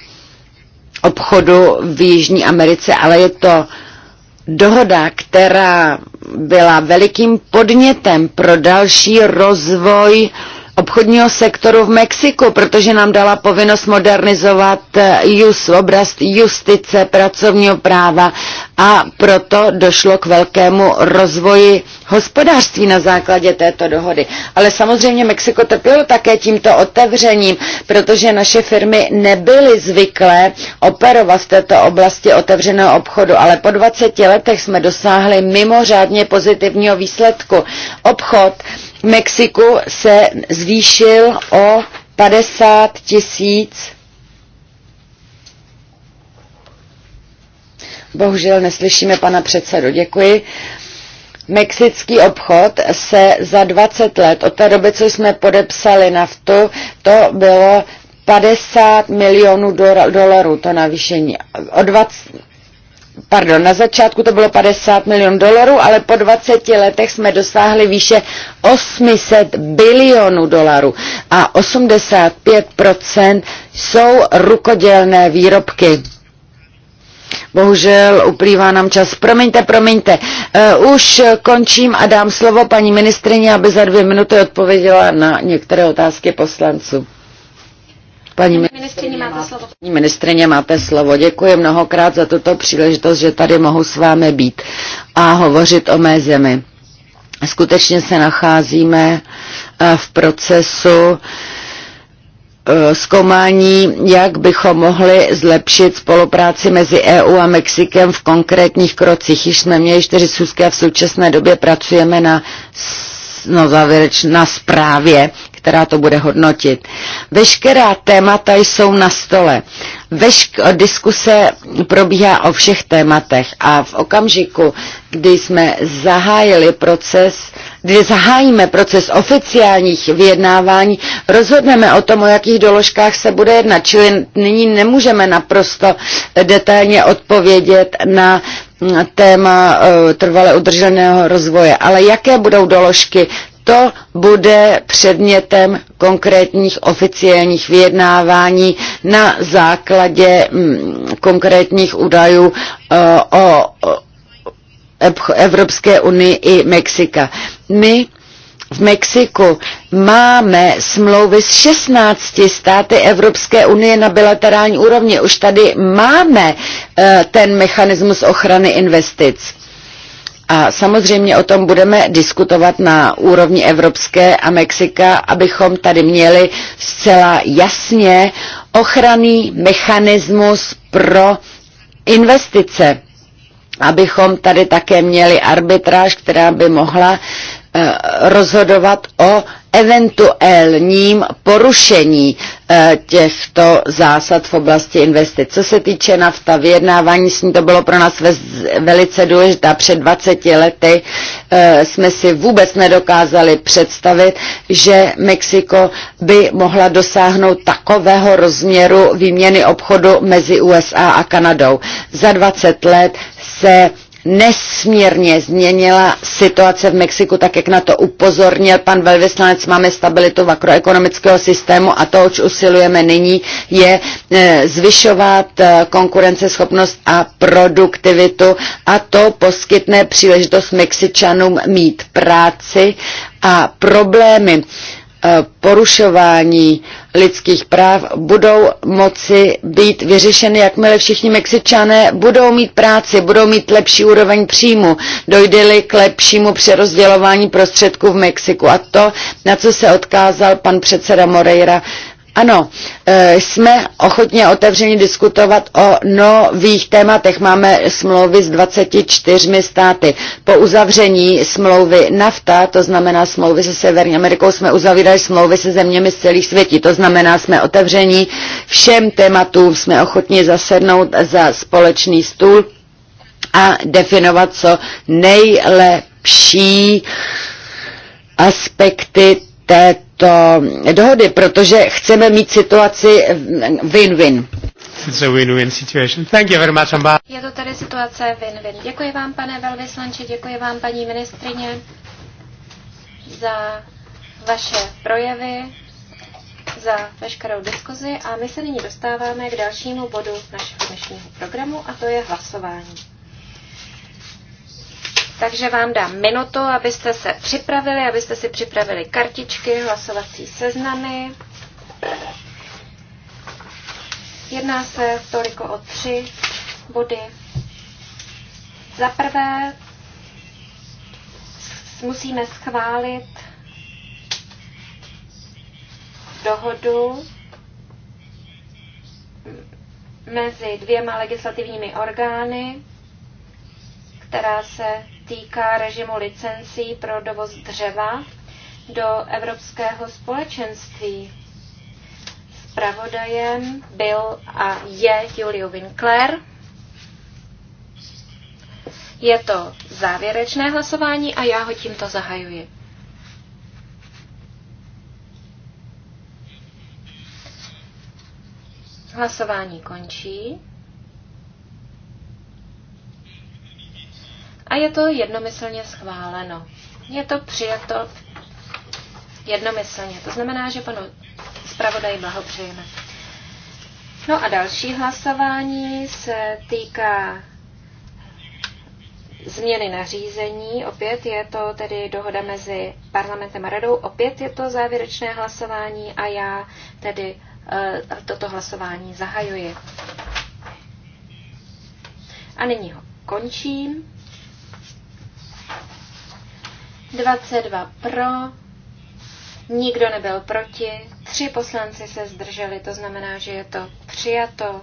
obchodu v Jižní Americe, ale je to dohoda, která byla velikým podnětem pro další rozvoj obchodního sektoru v Mexiku, protože nám dala povinnost modernizovat eh, just, obraz justice, pracovního práva a proto došlo k velkému rozvoji hospodářství na základě této dohody. Ale samozřejmě Mexiko trpělo také tímto otevřením, protože naše firmy nebyly zvyklé operovat v této oblasti otevřeného obchodu, ale po 20 letech jsme dosáhli mimořádně pozitivního výsledku. Obchod Mexiku se zvýšil o 50 tisíc. Bohužel neslyšíme pana předsedu, děkuji. Mexický obchod se za 20 let, od té doby, co jsme podepsali naftu, to bylo 50 milionů dolarů, to navýšení. O 20, pardon, na začátku to bylo 50 milionů dolarů, ale po 20 letech jsme dosáhli výše 800 bilionů dolarů a 85% jsou rukodělné výrobky. Bohužel uplývá nám čas. Promiňte, promiňte. Uh, už končím a dám slovo paní ministrině, aby za dvě minuty odpověděla na některé otázky poslanců. Paní ministrině, máte slovo. Paní ministrině, máte slovo. Děkuji mnohokrát za tuto příležitost, že tady mohu s vámi být a hovořit o mé zemi. Skutečně se nacházíme eh, v procesu eh, zkoumání, jak bychom mohli zlepšit spolupráci mezi EU a Mexikem v konkrétních krocích. Již jsme měli čtyři schůzky a v současné době pracujeme na no, závěreč, na zprávě která to bude hodnotit. Veškerá témata jsou na stole. Vešk- diskuse probíhá o všech tématech a v okamžiku, kdy jsme zahájili proces, kdy zahájíme proces oficiálních vyjednávání, rozhodneme o tom, o jakých doložkách se bude jednat. Čili nyní nemůžeme naprosto detailně odpovědět na téma eh, trvale udrženého rozvoje. Ale jaké budou doložky to bude předmětem konkrétních oficiálních vyjednávání na základě mm, konkrétních údajů e, o Evropské unii i Mexika. My v Mexiku máme smlouvy s 16 státy Evropské unie na bilaterální úrovni. Už tady máme e, ten mechanismus ochrany investic. A samozřejmě o tom budeme diskutovat na úrovni Evropské a Mexika, abychom tady měli zcela jasně ochranný mechanismus pro investice abychom tady také měli arbitráž, která by mohla Eh, rozhodovat o eventuálním porušení eh, těchto zásad v oblasti investic. Co se týče nafta, vyjednávání s ní to bylo pro nás velice důležité. Před 20 lety eh, jsme si vůbec nedokázali představit, že Mexiko by mohla dosáhnout takového rozměru výměny obchodu mezi USA a Kanadou. Za 20 let se nesmírně změnila situace v Mexiku, tak jak na to upozornil pan velvyslanec. Máme stabilitu makroekonomického systému a to, oč usilujeme nyní, je e, zvyšovat e, konkurenceschopnost a produktivitu a to poskytne příležitost Mexičanům mít práci a problémy Eh, porušování lidských práv budou moci být vyřešeny, jakmile všichni Mexičané budou mít práci, budou mít lepší úroveň příjmu, dojde-li k lepšímu přerozdělování prostředků v Mexiku. A to, na co se odkázal pan předseda Moreira, ano, e, jsme ochotně otevřeni diskutovat o nových tématech. Máme smlouvy s 24 státy. Po uzavření smlouvy NAFTA, to znamená smlouvy se Severní Amerikou, jsme uzavírali smlouvy se zeměmi z celých světí. To znamená, jsme otevření všem tématům, jsme ochotni zasednout za společný stůl a definovat co nejlepší aspekty této této dohody, protože chceme mít situaci win-win. It's a win-win situation. Thank you very much, Je to tady situace win-win. Děkuji vám, pane velvyslanče, děkuji vám, paní ministrině, za vaše projevy, za veškerou diskuzi a my se nyní dostáváme k dalšímu bodu našeho dnešního programu a to je hlasování. Takže vám dám minutu, abyste se připravili, abyste si připravili kartičky, hlasovací seznamy. Jedná se toliko o tři body. Za prvé musíme schválit dohodu mezi dvěma legislativními orgány, která se týká režimu licencí pro dovoz dřeva do Evropského společenství. Spravodajem byl a je Julio Winkler. Je to závěrečné hlasování a já ho tímto zahajuji. Hlasování končí. A je to jednomyslně schváleno. Je to přijato jednomyslně. To znamená, že panu zpravodaji blahopřejeme. No a další hlasování se týká změny nařízení. Opět je to tedy dohoda mezi parlamentem a radou. Opět je to závěrečné hlasování a já tedy e, toto hlasování zahajuji. A nyní ho končím. 22 pro, nikdo nebyl proti, tři poslanci se zdrželi, to znamená, že je to přijato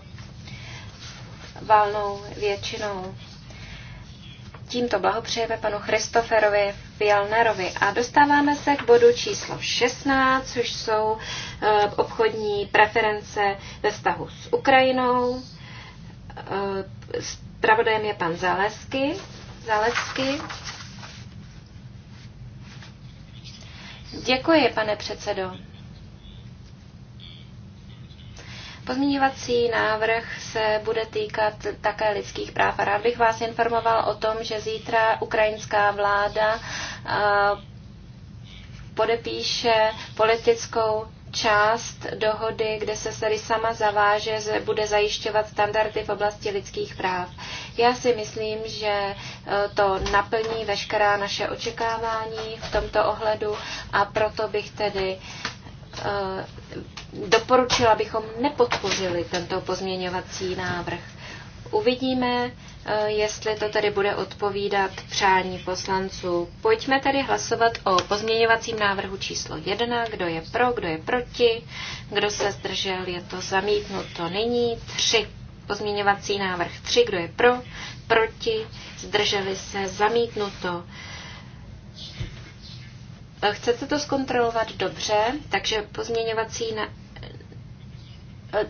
valnou většinou. Tímto blahopřejeme panu Christoferovi Fialnerovi a dostáváme se k bodu číslo 16, což jsou eh, obchodní preference ve vztahu s Ukrajinou. Spravodajem eh, je pan Zalesky. Zalesky. Děkuji, pane předsedo. Pozměňovací návrh se bude týkat také lidských práv. A rád bych vás informoval o tom, že zítra ukrajinská vláda eh, podepíše politickou část dohody, kde se tady sama zaváže, že bude zajišťovat standardy v oblasti lidských práv. Já si myslím, že e, to naplní veškerá naše očekávání v tomto ohledu a proto bych tedy e, doporučila, abychom nepodpořili tento pozměňovací návrh. Uvidíme, Eh, jestli to tedy bude odpovídat přání poslanců. Pojďme tedy hlasovat o pozměňovacím návrhu číslo 1. Kdo je pro, kdo je proti, kdo se zdržel, je to zamítnuto. Nyní 3. Pozměňovací návrh 3. Kdo je pro, proti, zdrželi se, zamítnuto. Eh, chcete to zkontrolovat dobře, takže pozměňovací na, eh,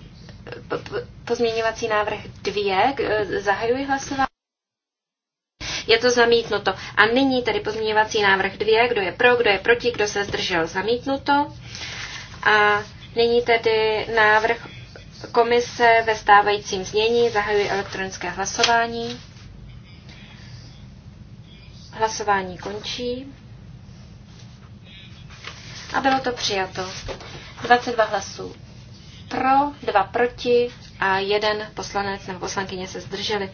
Pozměňovací návrh 2. E, zahajuji hlasování. Je to zamítnuto. A nyní tedy pozměňovací návrh 2. Kdo je pro, kdo je proti, kdo se zdržel. Zamítnuto. A nyní tedy návrh komise ve stávajícím znění. Zahajuji elektronické hlasování. Hlasování končí. A bylo to přijato. 22 hlasů pro, dva proti a jeden poslanec nebo poslankyně se zdrželi.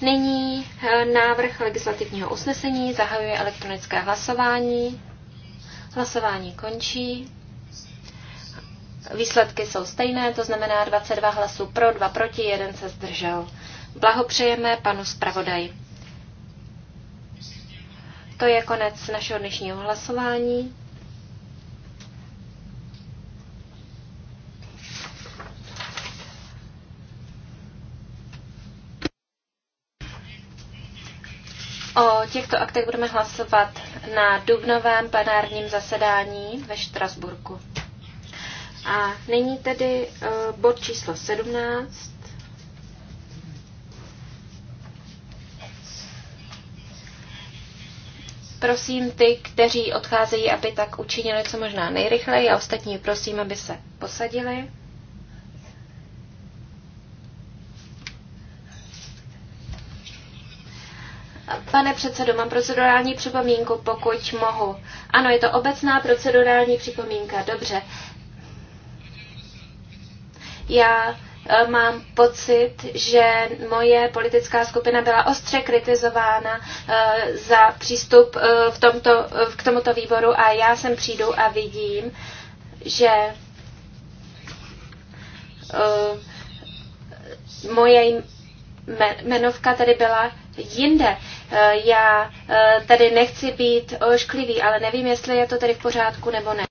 Nyní eh, návrh legislativního usnesení zahajuje elektronické hlasování. Hlasování končí. Výsledky jsou stejné, to znamená 22 hlasů pro, 2 proti, 1 se zdržel. Blahopřejeme panu zpravodaji. To je konec našeho dnešního hlasování. O těchto aktech budeme hlasovat na dubnovém plenárním zasedání ve Štrasburku. A nyní tedy eh, bod číslo 17. Prosím ty, kteří odcházejí, aby tak učinili co možná nejrychleji a ostatní prosím, aby se posadili. Pane předsedo, mám procedurální připomínku, pokud mohu. Ano, je to obecná procedurální připomínka, dobře. Já e, mám pocit, že moje politická skupina byla ostře kritizována e, za přístup e, v tomto, k tomuto výboru a já sem přijdu a vidím, že moje jmenovka tedy byla jinde. Eh, já eh, tady nechci být ošklivý, eh, ale nevím, jestli je to tady v pořádku nebo ne.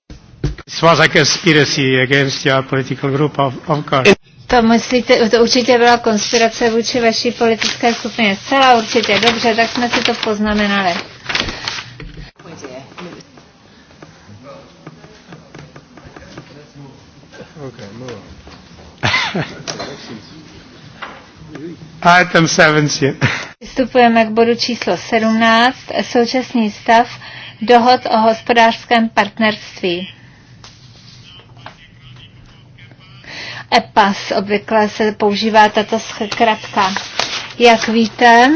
To myslíte, to určitě byla konspirace vůči vaší politické skupině. Celá určitě, dobře, tak jsme si to poznamenali. Okay, move on. (laughs) Item 17. Přistupujeme k bodu číslo 17, současný stav dohod o hospodářském partnerství. EPAS obvykle se používá tato zkratka. Jak víte,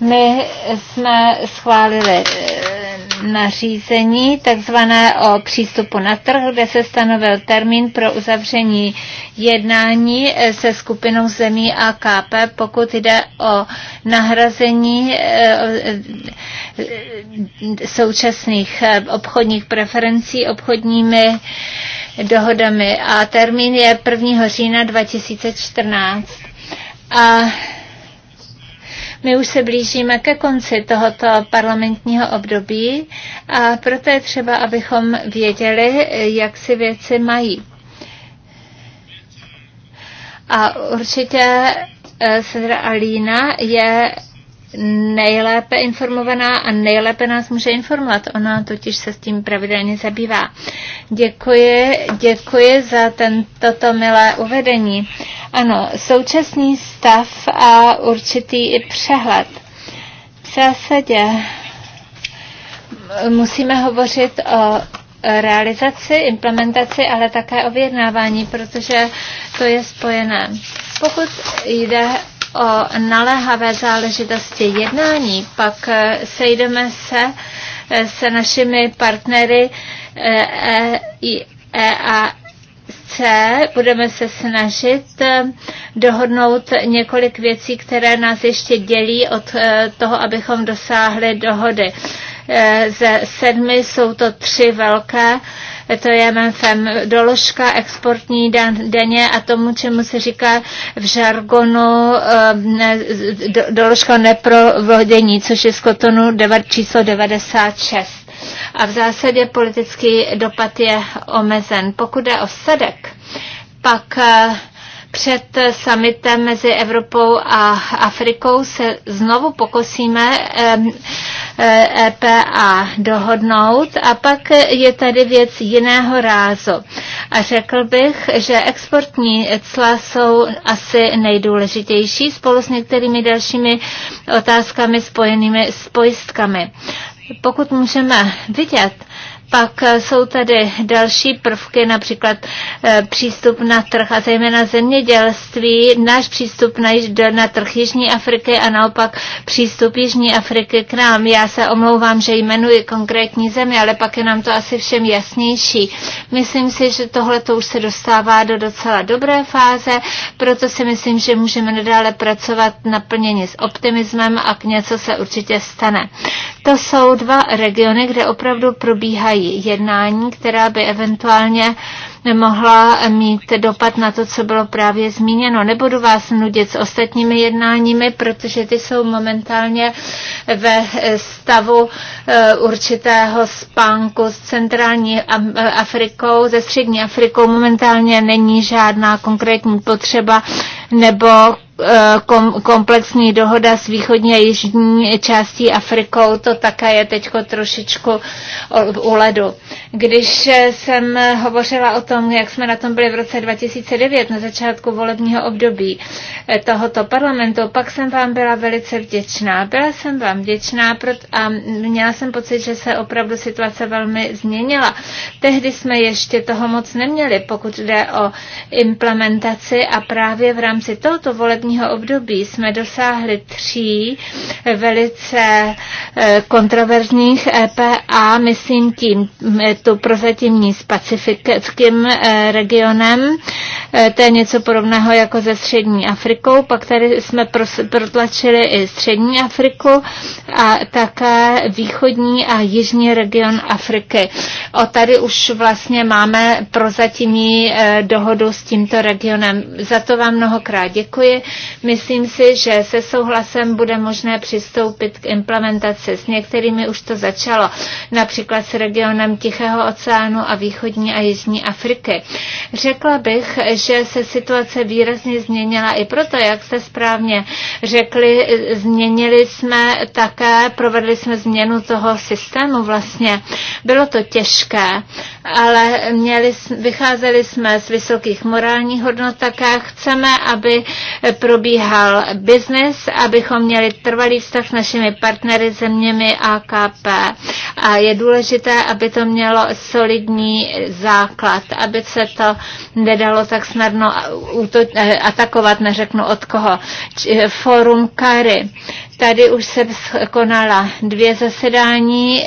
my jsme schválili eh, nařízení, takzvané o přístupu na trh, kde se stanovil termín pro uzavření jednání eh, se skupinou zemí AKP, pokud jde o nahrazení eh, eh, současných obchodních preferencí obchodními dohodami. A termín je 1. října 2014. A my už se blížíme ke konci tohoto parlamentního období a proto je třeba, abychom věděli, jak si věci mají. A určitě eh, Sandra Alína je nejlépe informovaná a nejlépe nás může informovat. Ona totiž se s tím pravidelně zabývá. Děkuji, děkuji za toto milé uvedení. Ano, současný stav a určitý i přehled. V zásadě musíme hovořit o realizaci, implementaci, ale také o vyjednávání, protože to je spojené. Pokud jde o naléhavé záležitosti jednání, pak eh, sejdeme se eh, se našimi partnery EAS eh, e, e C budeme se snažit dohodnout několik věcí, které nás ještě dělí od toho, abychom dosáhli dohody. Eh, ze sedmi jsou to tři velké, eh, to je MFM doložka exportní den, denně a tomu, čemu se říká v žargonu eh, ne, do, doložka neprovodění, což je z kotonu číslo 96. A v zásadě politický dopad je omezen. Pokud je o sedek, pak uh, před summitem mezi Evropou a Afrikou se znovu pokosíme EPA eh, e dohodnout a pak je tady věc jiného rázu. A řekl bych, že exportní cla jsou asi nejdůležitější spolu s některými dalšími otázkami spojenými s pojistkami. Pokud můžeme vidět, pak eh, jsou tady další prvky, například eh, přístup na trh a zejména zemědělství, náš přístup na, na trh Jižní Afriky a naopak přístup Jižní Afriky k nám. Já se omlouvám, že jmenuji konkrétní zemi, ale pak je nám to asi všem jasnější. Myslím si, že tohle to už se dostává do docela dobré fáze, proto si myslím, že můžeme nadále pracovat naplněně s optimismem a k něco se určitě stane. To jsou dva regiony, kde opravdu probíhají probíhají jednání, která by eventuálně mohla mít dopad na to, co bylo právě zmíněno. Nebudu vás nudit s ostatními jednáními, protože ty jsou momentálně ve stavu eh, určitého spánku s centrální Afrikou, ze střední Afrikou momentálně není žádná konkrétní potřeba nebo Eh, kom, komplexní dohoda s východní a jižní částí Afrikou, to také je teď trošičku u ledu. Když jsem hovořila o tom, jak jsme na tom byli v roce 2009, na začátku volebního období eh, tohoto parlamentu, pak jsem vám byla velice vděčná. Byla jsem vám vděčná a měla jsem pocit, že se opravdu situace velmi změnila. Tehdy jsme ještě toho moc neměli, pokud jde o implementaci a právě v rámci tohoto volebního volebního období jsme dosáhli tří eh, velice eh, kontroverzních EPA, myslím tím eh, tu prozatímní s pacifickým regionem, to je něco podobného jako ze střední Afrikou, pak tady jsme protlačili i střední Afriku a také východní a jižní region Afriky. O tady už vlastně máme prozatímní dohodu s tímto regionem. Za to vám mnohokrát děkuji Myslím si, že se souhlasem bude možné přistoupit k implementaci. S některými už to začalo, například s regionem Tichého oceánu a východní a jižní Afriky. Řekla bych, že se situace výrazně změnila i proto, jak jste správně řekli, změnili jsme také, provedli jsme změnu toho systému vlastně. Bylo to těžké, ale měli, vycházeli jsme z vysokých morálních hodnot také. Chceme, aby probíhal biznis, abychom měli trvalý vztah s našimi partnery zeměmi AKP. A je důležité, aby to mělo solidní základ, aby se to nedalo tak snadno eh, atakovat, neřeknu od koho. Eh, Forum Kary Tady už jsem konala dvě zasedání,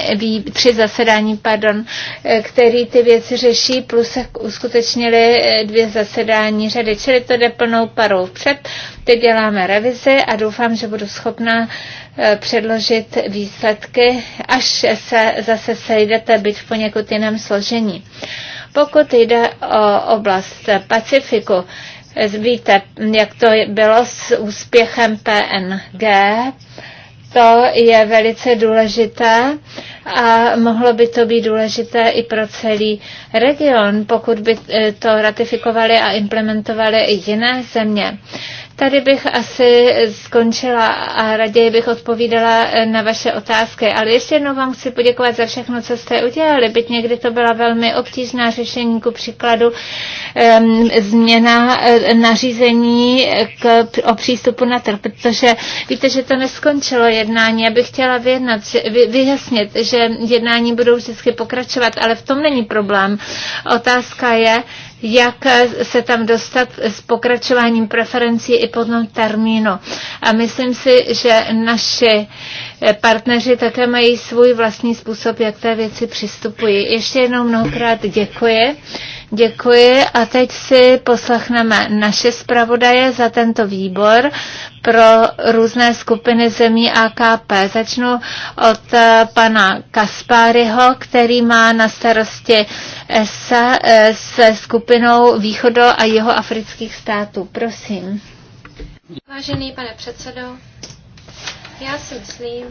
tři zasedání, pardon, eh, který ty věci řeší, plus se uskutečnili eh, dvě zasedání řady, čili to jde plnou parou vpřed. Teď děláme revizi a doufám, že budu schopna eh, předložit výsledky, až se zase sejdete, byť v poněkud jiném složení. Pokud jde o oblast Pacifiku, Eh, víte, jak to bylo s úspěchem PNG, to je velice důležité a mohlo by to být důležité i pro celý region, pokud by e, to ratifikovali a implementovali i jiné země. Tady bych asi skončila a raději bych odpovídala e, na vaše otázky. Ale ještě jednou vám chci poděkovat za všechno, co jste udělali. Byť někdy to byla velmi obtížná řešení, ku příkladu um, změna e, nařízení k, o přístupu na trh, protože víte, že to neskončilo jednání. Já bych chtěla vyjednat, že, vy, vyjasnit, že jednání budou vždycky pokračovat, ale v tom není problém. Otázka je, jak se tam dostat s pokračováním preferencí i po tom termínu. A myslím si, že naši partneři také mají svůj vlastní způsob, jak té věci přistupují. Ještě jednou mnohokrát děkuji. Děkuji a teď si poslechneme naše zpravodaje za tento výbor pro různé skupiny zemí AKP. Začnu od eh, pana Kaspáryho, který má na starosti ESA eh, se skupinou východu a jeho afrických států. Prosím. Vážený pane předsedo, já si myslím,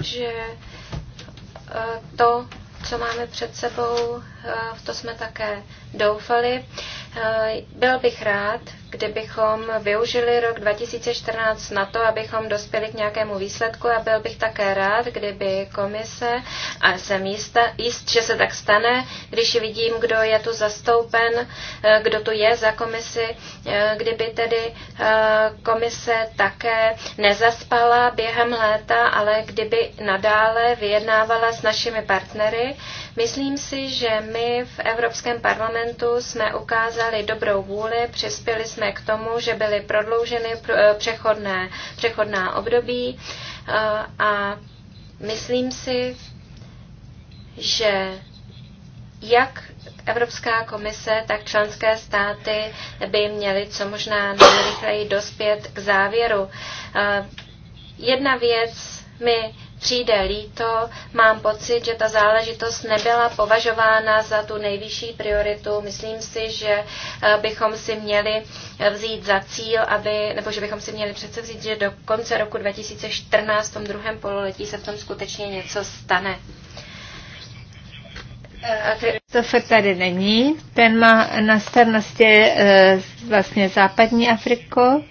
že eh, to, co máme před sebou, eh, to jsme také doufali. Eh, byl bych rád, kdybychom využili rok 2014 na to, abychom dospěli k nějakému výsledku a byl bych také rád, kdyby komise, a jsem jista, jist, že se tak stane, když vidím, kdo je tu zastoupen, eh, kdo tu je za komisi, eh, kdyby tedy komise také nezaspala během léta, ale kdyby nadále vyjednávala s našimi partnery, Myslím si, že my v Evropském parlamentu jsme ukázali dobrou vůli, přispěli jsme k tomu, že byly prodlouženy eh, přechodné, přechodná období eh, a myslím si, že jak Evropská komise, tak členské státy by měly co možná nejrychleji dospět k závěru. Eh, jedna věc mi přijde líto, mám pocit, že ta záležitost nebyla považována za tu nejvyšší prioritu. Myslím si, že eh, bychom si měli eh, vzít za cíl, aby, nebo že bychom si měli přece vzít, že do konce roku 2014, v tom druhém pololetí, se v tom skutečně něco stane. Eh, Christopher tady není, ten má na starosti vlastně západní Afriku.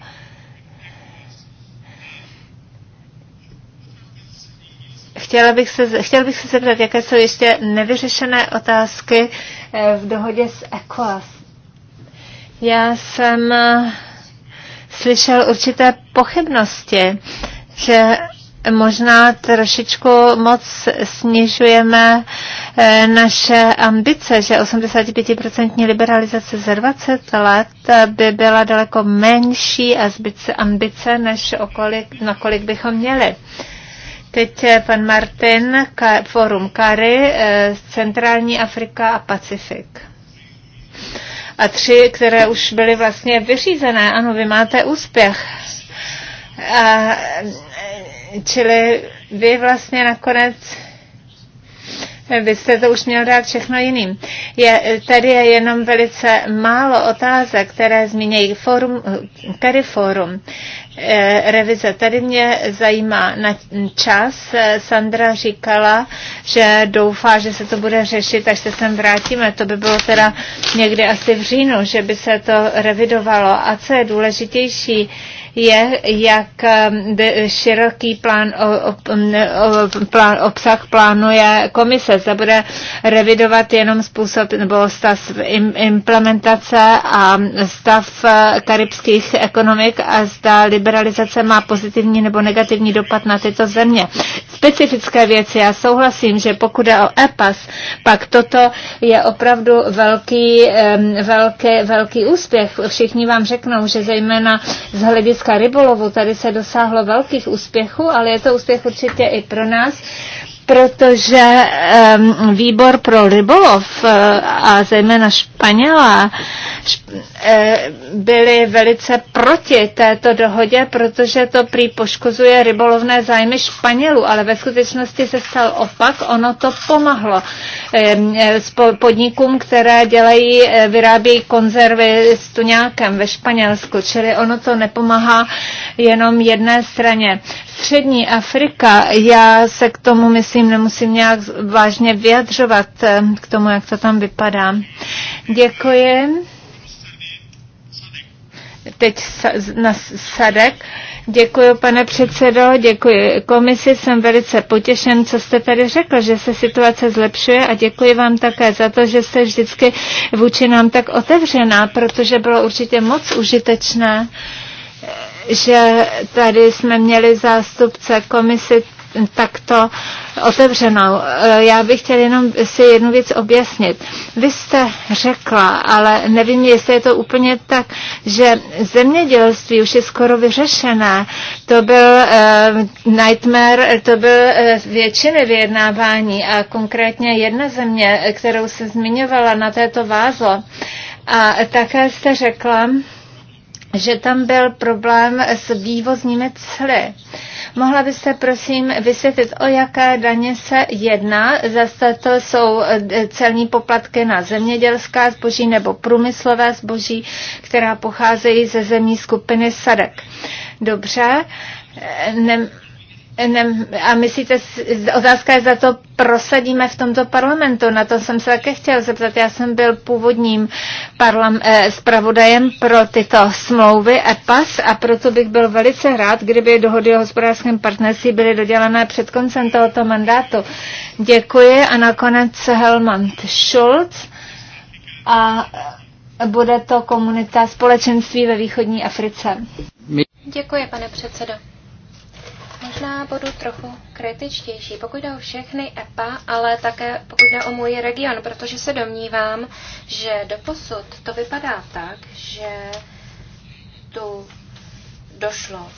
Chtěla bych se, chtěl bych se zeptat, jaké jsou ještě nevyřešené otázky eh, v dohodě s ECOAS. Já jsem eh, slyšel určité pochybnosti, že možná trošičku moc snižujeme eh, naše ambice, že 85% liberalizace za 20 let by byla daleko menší a ambice, než okolik, nakolik bychom měli. Teď eh, pan Martin, Forum Kary, eh, Centrální Afrika a Pacifik. A tři, které už byly vlastně vyřízené. Ano, vy máte úspěch. A, eh, čili vy vlastně nakonec vy jste to už měl dát všechno jiným. Je, tady je jenom velice málo otázek, které zmínějí forum, Kerry Forum eh, revize. Tady mě zajímá na čas. Eh, Sandra říkala, že doufá, že se to bude řešit, až se sem vrátíme. To by bylo teda někdy asi v říjnu, že by se to revidovalo. A co je důležitější, je, jak um, široký plán, plán, obsah plánuje komise. Zda bude revidovat jenom způsob nebo stav implementace a stav eh, karibských ekonomik a zda liberalizace má pozitivní nebo negativní dopad na tyto země. Specifické věci, já souhlasím, že pokud je o EPAS, pak toto je opravdu velký, velký, velký úspěch. Všichni vám řeknou, že zejména z hlediska hlediska rybolovu tady se dosáhlo velkých úspěchů, ale je to úspěch určitě i pro nás, protože um, výbor pro rybolov e, a zejména Španěla e, byli velice proti této dohodě, protože to prý poškozuje rybolovné zájmy Španělů, ale ve skutečnosti se stal opak, ono to pomohlo e, podnikům, které dělají, vyrábějí konzervy s tuňákem ve Španělsku, čili ono to nepomáhá jenom jedné straně. Střední Afrika, já se k tomu myslím, tím nemusím nějak vážně vyjadřovat eh, k tomu, jak to tam vypadá. Děkuji. Teď na sadek. Děkuji, pane předsedo, děkuji komisi. Jsem velice potěšen, co jste tady řekl, že se situace zlepšuje a děkuji vám také za to, že jste vždycky vůči nám tak otevřená, protože bylo určitě moc užitečné že tady jsme měli zástupce komisi takto otevřenou. Eh, já bych chtěla jenom si jednu věc objasnit. Vy jste řekla, ale nevím, jestli je to úplně tak, že zemědělství už je skoro vyřešené. To byl uh, nightmare, to byl uh, většiny vyjednávání a konkrétně jedna země, kterou se zmiňovala na této vázo. A také jste řekla, že tam byl problém s vývozními cly. Mohla byste prosím vysvětlit, o jaké daně se jedná? Zase to jsou eh, celní poplatky na zemědělská zboží nebo průmyslové zboží, která pocházejí ze zemí skupiny SADEK. Dobře, eh, ne, a myslíte, otázka je, za to prosadíme v tomto parlamentu. Na to jsem se také chtěl zeptat. Já jsem byl původním parlam, eh, spravodajem pro tyto smlouvy EPAS a proto bych byl velice rád, kdyby dohody o hospodářském partnerství byly dodělané před koncem tohoto mandátu. Děkuji a nakonec Helmut Schulz a bude to komunita společenství ve východní Africe. Děkuji, pane předsedo možná budu trochu kritičtější, pokud jde o všechny EPA, ale také pokud jde o můj region, protože se domnívám, že doposud to vypadá tak, že tu došlo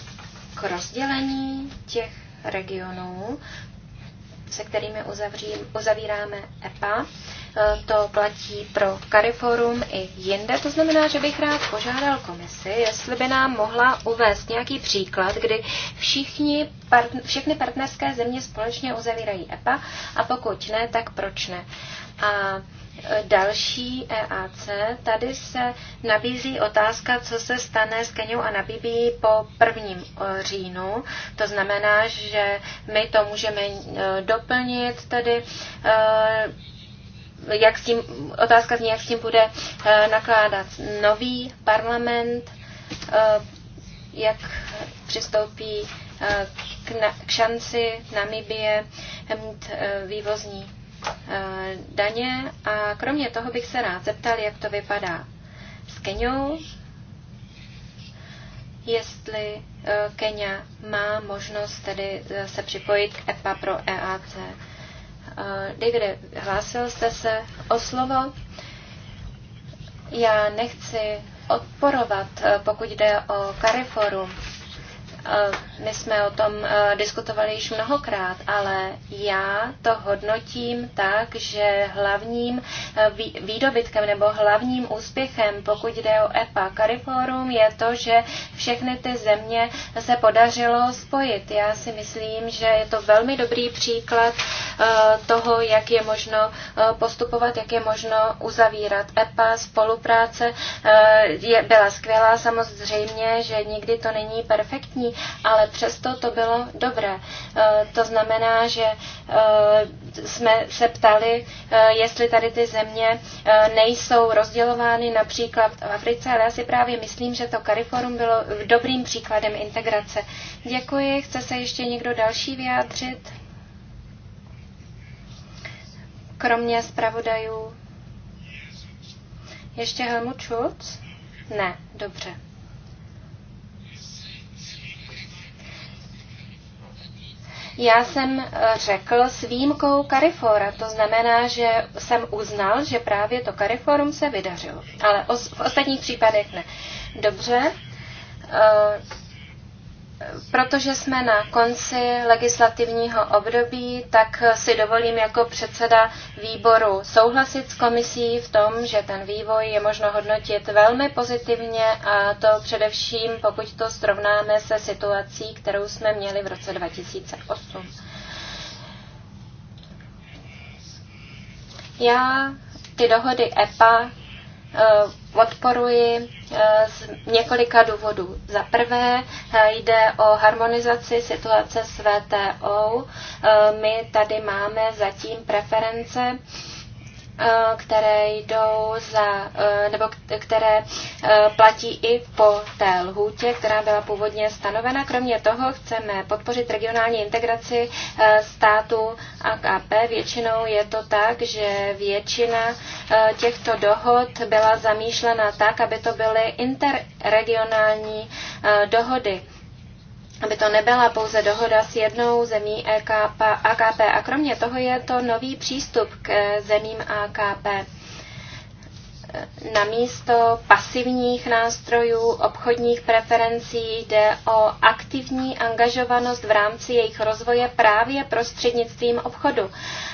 k rozdělení těch regionů, se kterými uzavří, uzavíráme EPA. E, to platí pro Cariforum i jinde. To znamená, že bych rád požádal komisi, jestli by nám mohla uvést nějaký příklad, kdy všichni, part, všechny partnerské země společně uzavírají EPA a pokud ne, tak proč ne. A další EAC. Tady se nabízí otázka, co se stane s Keniou a nabíbí po prvním eh, říjnu. To znamená, že my to můžeme eh, doplnit tedy eh, jak s tím, otázka zní, jak s tím bude nakládat nový parlament, jak přistoupí k, na, k šanci Namibie mít vývozní Eh, daně a kromě toho bych se rád zeptal, jak to vypadá s Keniou. jestli eh, Kenia má možnost tedy eh, se připojit k EPA pro EAC. Davide, hlásil jste se o slovo. Já nechci odporovat, pokud jde o Cariforum my jsme o tom eh, diskutovali již mnohokrát, ale já to hodnotím tak, že hlavním eh, výdobytkem nebo hlavním úspěchem, pokud jde o EPA Cariforum, je to, že všechny ty země se podařilo spojit. Já si myslím, že je to velmi dobrý příklad eh, toho, jak je možno postupovat, jak je možno uzavírat EPA, spolupráce je, byla skvělá, samozřejmě, že nikdy to není perfektní, ale přesto to bylo dobré. Eh, to znamená, že eh, jsme se ptali, eh, jestli tady ty země nejsou rozdělovány například v Africe, ale já si právě myslím, že to Cariforum bylo dobrým příkladem integrace. Děkuji. Chce se ještě někdo další vyjádřit? Kromě zpravodajů. Ještě Helmut Schulz? Ne, dobře. Já jsem eh, řekl s výjimkou Carifora, to znamená, že jsem uznal, že právě to Cariforum se vydařilo, ale os- v ostatních případech ne. Dobře, eh, Protože jsme na konci legislativního období, tak si dovolím jako předseda výboru souhlasit s komisí v tom, že ten vývoj je možno hodnotit velmi pozitivně a to především, pokud to srovnáme se situací, kterou jsme měli v roce 2008. Já ty dohody EPA podporuji eh, eh, z několika důvodů. Za prvé eh, jde o harmonizaci situace s VTO. My tady máme zatím preference Eh, které jdou za, eh, nebo které eh, platí i po té lhůtě, která byla původně stanovena. Kromě toho chceme podpořit regionální integraci států AKP. Většinou je to tak, že většina těchto dohod byla zamýšlena tak, aby to byly interregionální dohody aby to nebyla pouze dohoda s jednou zemí EKP, AKP. A kromě toho je to nový přístup k zemím AKP namísto pasivních nástrojů obchodních preferencí jde o aktivní angažovanost v rámci jejich rozvoje právě prostřednictvím obchodu.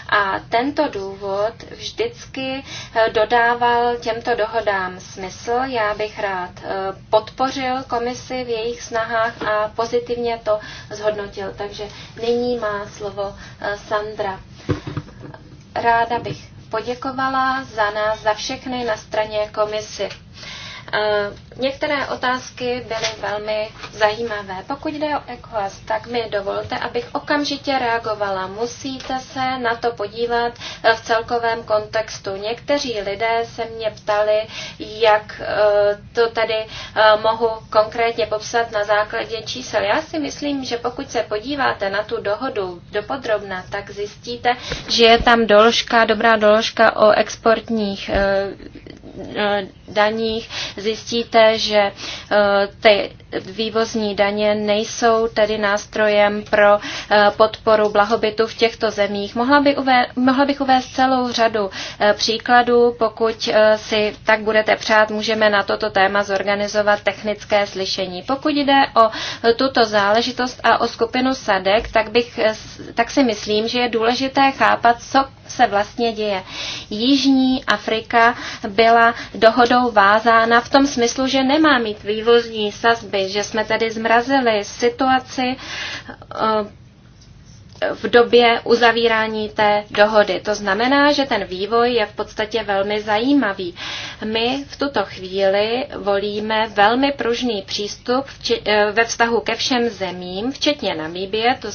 A tento důvod vždycky eh, dodával těmto dohodám smysl. Já bych rád eh, podpořil komisi v jejich snahách a pozitivně to zhodnotil. Takže nyní má slovo eh, Sandra. Ráda bych poděkovala za nás, za všechny na straně komisy. Eh, Některé otázky byly velmi zajímavé. Pokud jde o ECOAS, tak mi dovolte, abych okamžitě reagovala. Musíte se na to podívat eh, v celkovém kontextu. Někteří lidé se mě ptali, jak eh, to tady eh, mohu konkrétně popsat na základě čísel. Já si myslím, že pokud se podíváte na tu dohodu dopodrobna, tak zjistíte, že je tam doložka, dobrá doložka o exportních daních. Zjistíte, že eh, ty vývozní daně nejsou tedy nástrojem pro eh, podporu blahobytu v těchto zemích. Mohla, by uvé, mohla bych uvést celou řadu eh, příkladů. Pokud si tak budete přát, můžeme na toto téma zorganizovat technické slyšení. Pokud jde o tuto záležitost a o skupinu SADEK, tak, bych, tak si myslím, že je důležité chápat, co se vlastně děje. Jižní Afrika byla dohodou vázána v tom smyslu, že že nemá mít vývozní sazby, že jsme tady zmrazili situaci eh, v době uzavírání té dohody. To znamená, že ten vývoj je v podstatě velmi zajímavý. My v tuto chvíli volíme velmi pružný přístup eh, ve vztahu ke všem zemím, včetně Namíbie. To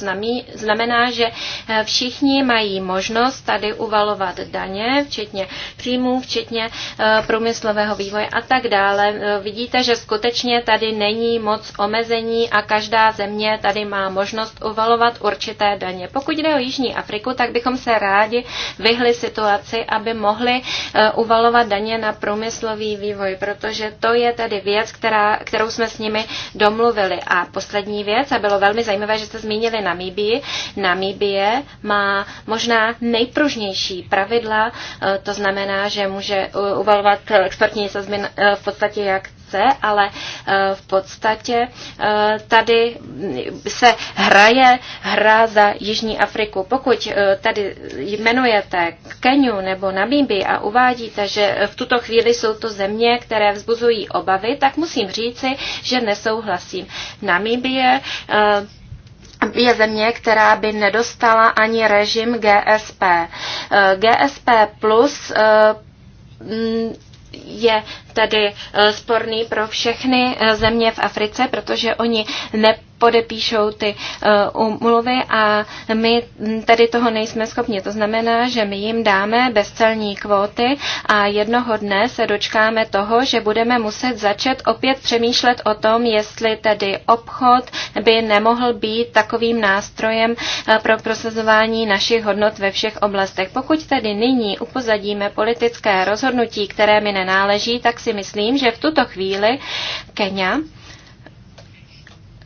znamená, že eh, všichni mají možnost tady uvalovat daně, včetně příjmů, včetně eh, průmyslového vývoje a tak dále. Vidíte, že skutečně tady není moc omezení a každá země tady má možnost uvalovat určité daně zbraně. Pokud jde o Jižní Afriku, tak bychom se rádi vyhli situaci, aby mohli eh, uvalovat daně na průmyslový vývoj, protože to je tedy věc, která, kterou jsme s nimi domluvili. A poslední věc, a bylo velmi zajímavé, že jste zmínili Namíbii. Namíbie má možná nejpružnější pravidla, eh, to znamená, že může eh, uvalovat exportní sazby v podstatě jak otázce, ale eh, v podstatě eh, tady se hraje hra za Jižní Afriku. Pokud eh, tady jmenujete Keniu nebo Namíbi a uvádíte, že v tuto chvíli jsou to země, které vzbuzují obavy, tak musím říci, že nesouhlasím. Namíbie je země, která by nedostala ani režim GSP. GSP plus je tedy eh, sporný pro všechny eh, země v Africe, protože oni ne podepíšou ty umluvy eh, a my tady toho nejsme schopni. To znamená, že my jim dáme bezcelní kvóty a jednoho dne se dočkáme toho, že budeme muset začet opět přemýšlet o tom, jestli tedy obchod by nemohl být takovým nástrojem eh, pro prosazování našich hodnot ve všech oblastech. Pokud tedy nyní upozadíme politické rozhodnutí, které mi nenáleží, tak si myslím, že v tuto chvíli Kenya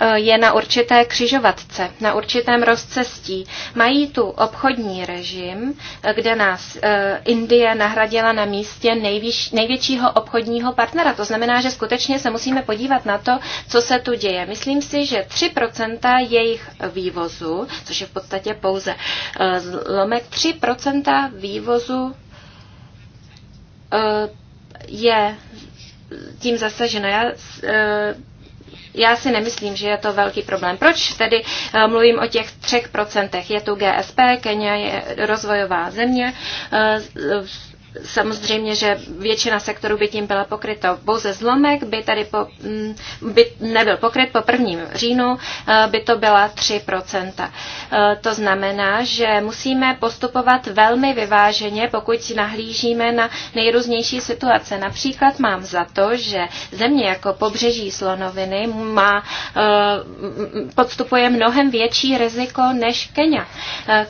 Eh, je na určité křižovatce, na určitém rozcestí. Mají tu obchodní režim, eh, kde nás eh, Indie nahradila na místě nejvíš, největšího obchodního partnera. To znamená, že skutečně se musíme podívat na to, co se tu děje. Myslím si, že 3% jejich vývozu, což je v podstatě pouze zlomek, 3% vývozu je tím zasaženo. Já já si nemyslím, že je to velký problém. Proč tedy eh, mluvím o těch třech procentech? Je tu GSP, Kenya je rozvojová země, eh, samozřejmě, že většina sektorů by tím byla pokryta. Pouze zlomek by tady po, mm, by nebyl pokryt po 1. říjnu, eh, by to byla 3%. Eh, to znamená, že musíme postupovat velmi vyváženě, pokud si nahlížíme na nejrůznější situace. Například mám za to, že země jako pobřeží slonoviny má, eh, podstupuje mnohem větší riziko než Kenya.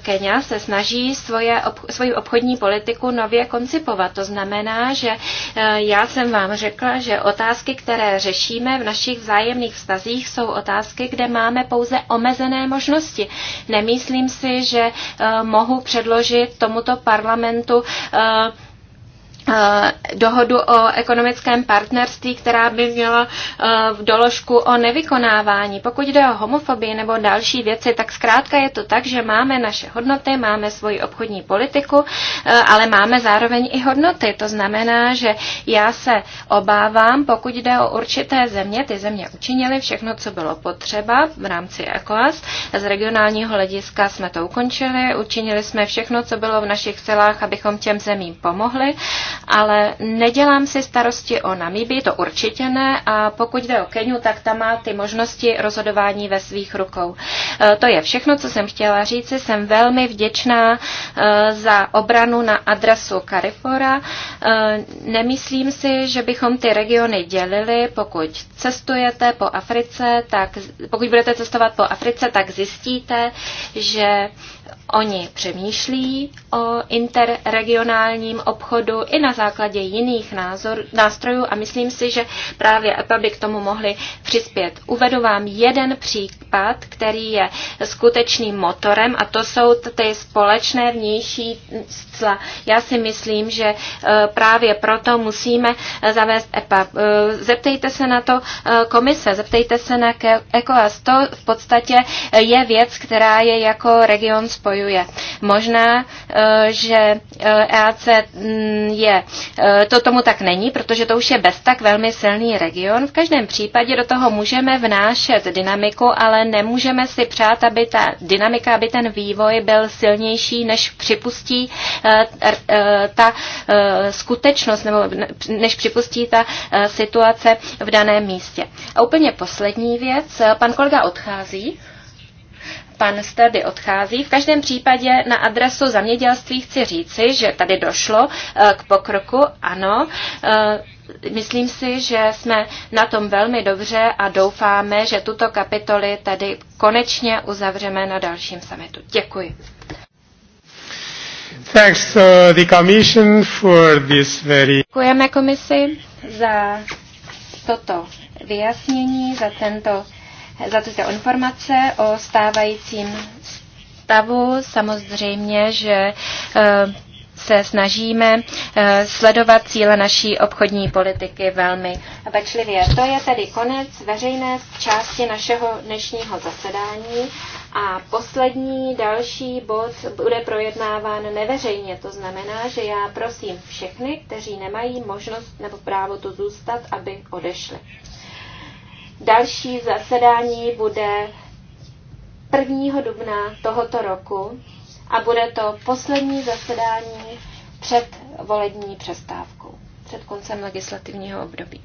Kenya se snaží svoje, svoji obchodní politiku nově koncentrovat koncipovat. To znamená, že eh, já jsem vám řekla, že otázky, které řešíme v našich vzájemných vztazích, jsou otázky, kde máme pouze omezené možnosti. Nemyslím si, že eh, mohu předložit tomuto parlamentu eh, Eh, dohodu o ekonomickém partnerství, která by měla eh, v doložku o nevykonávání. Pokud jde o homofobii nebo další věci, tak zkrátka je to tak, že máme naše hodnoty, máme svoji obchodní politiku, eh, ale máme zároveň i hodnoty. To znamená, že já se obávám, pokud jde o určité země, ty země učinily všechno, co bylo potřeba v rámci ECOAS. Z regionálního hlediska jsme to ukončili, učinili jsme všechno, co bylo v našich celách, abychom těm zemím pomohli ale nedělám si starosti o Namíbi, to určitě ne, a pokud jde o Keniu, tak tam má ty možnosti rozhodování ve svých rukou. E, to je všechno, co jsem chtěla říct. Jsem velmi vděčná e, za obranu na adresu Carifora. E, nemyslím si, že bychom ty regiony dělili. Pokud cestujete po Africe, tak pokud budete cestovat po Africe, tak zjistíte, že Oni přemýšlí o interregionálním obchodu i na základě jiných názor, nástrojů a myslím si, že právě EPA by k tomu mohli přispět. Uvedu vám jeden případ, který je skutečným motorem a to jsou ty společné vnější cla. Já si myslím, že e, právě proto musíme e, zavést EPA. E, zeptejte se na to komise, zeptejte se na ECOAS. To v podstatě je věc, která je jako region spojuje. Možná, eh, že EAC eh, e mm, je, eh, to tomu tak není, protože to už je bez tak velmi silný region. V každém případě do toho můžeme vnášet dynamiku, ale nemůžeme si přát, aby ta dynamika, aby ten vývoj byl silnější, než připustí ta skutečnost, nebo než připustí ta situace v daném místě. A úplně poslední věc, pan kolega odchází pan Stady odchází. V každém případě na adresu zamědělství chci říci, že tady došlo eh, k pokroku, ano. Eh, myslím si, že jsme na tom velmi dobře a doufáme, že tuto kapitoly tady konečně uzavřeme na dalším summitu. Děkuji. Thanks to the commission for this very... Děkujeme komisi za toto vyjasnění, za tento za tyto informace o stávajícím stavu. Samozřejmě, že eh, se snažíme eh, sledovat cíle naší obchodní politiky velmi pečlivě. To je tedy konec veřejné části našeho dnešního zasedání. A poslední další bod bude projednáván neveřejně. To znamená, že já prosím všechny, kteří nemají možnost nebo právo tu zůstat, aby odešli. Další zasedání bude 1. dubna tohoto roku a bude to poslední zasedání před volební přestávkou, před koncem legislativního období.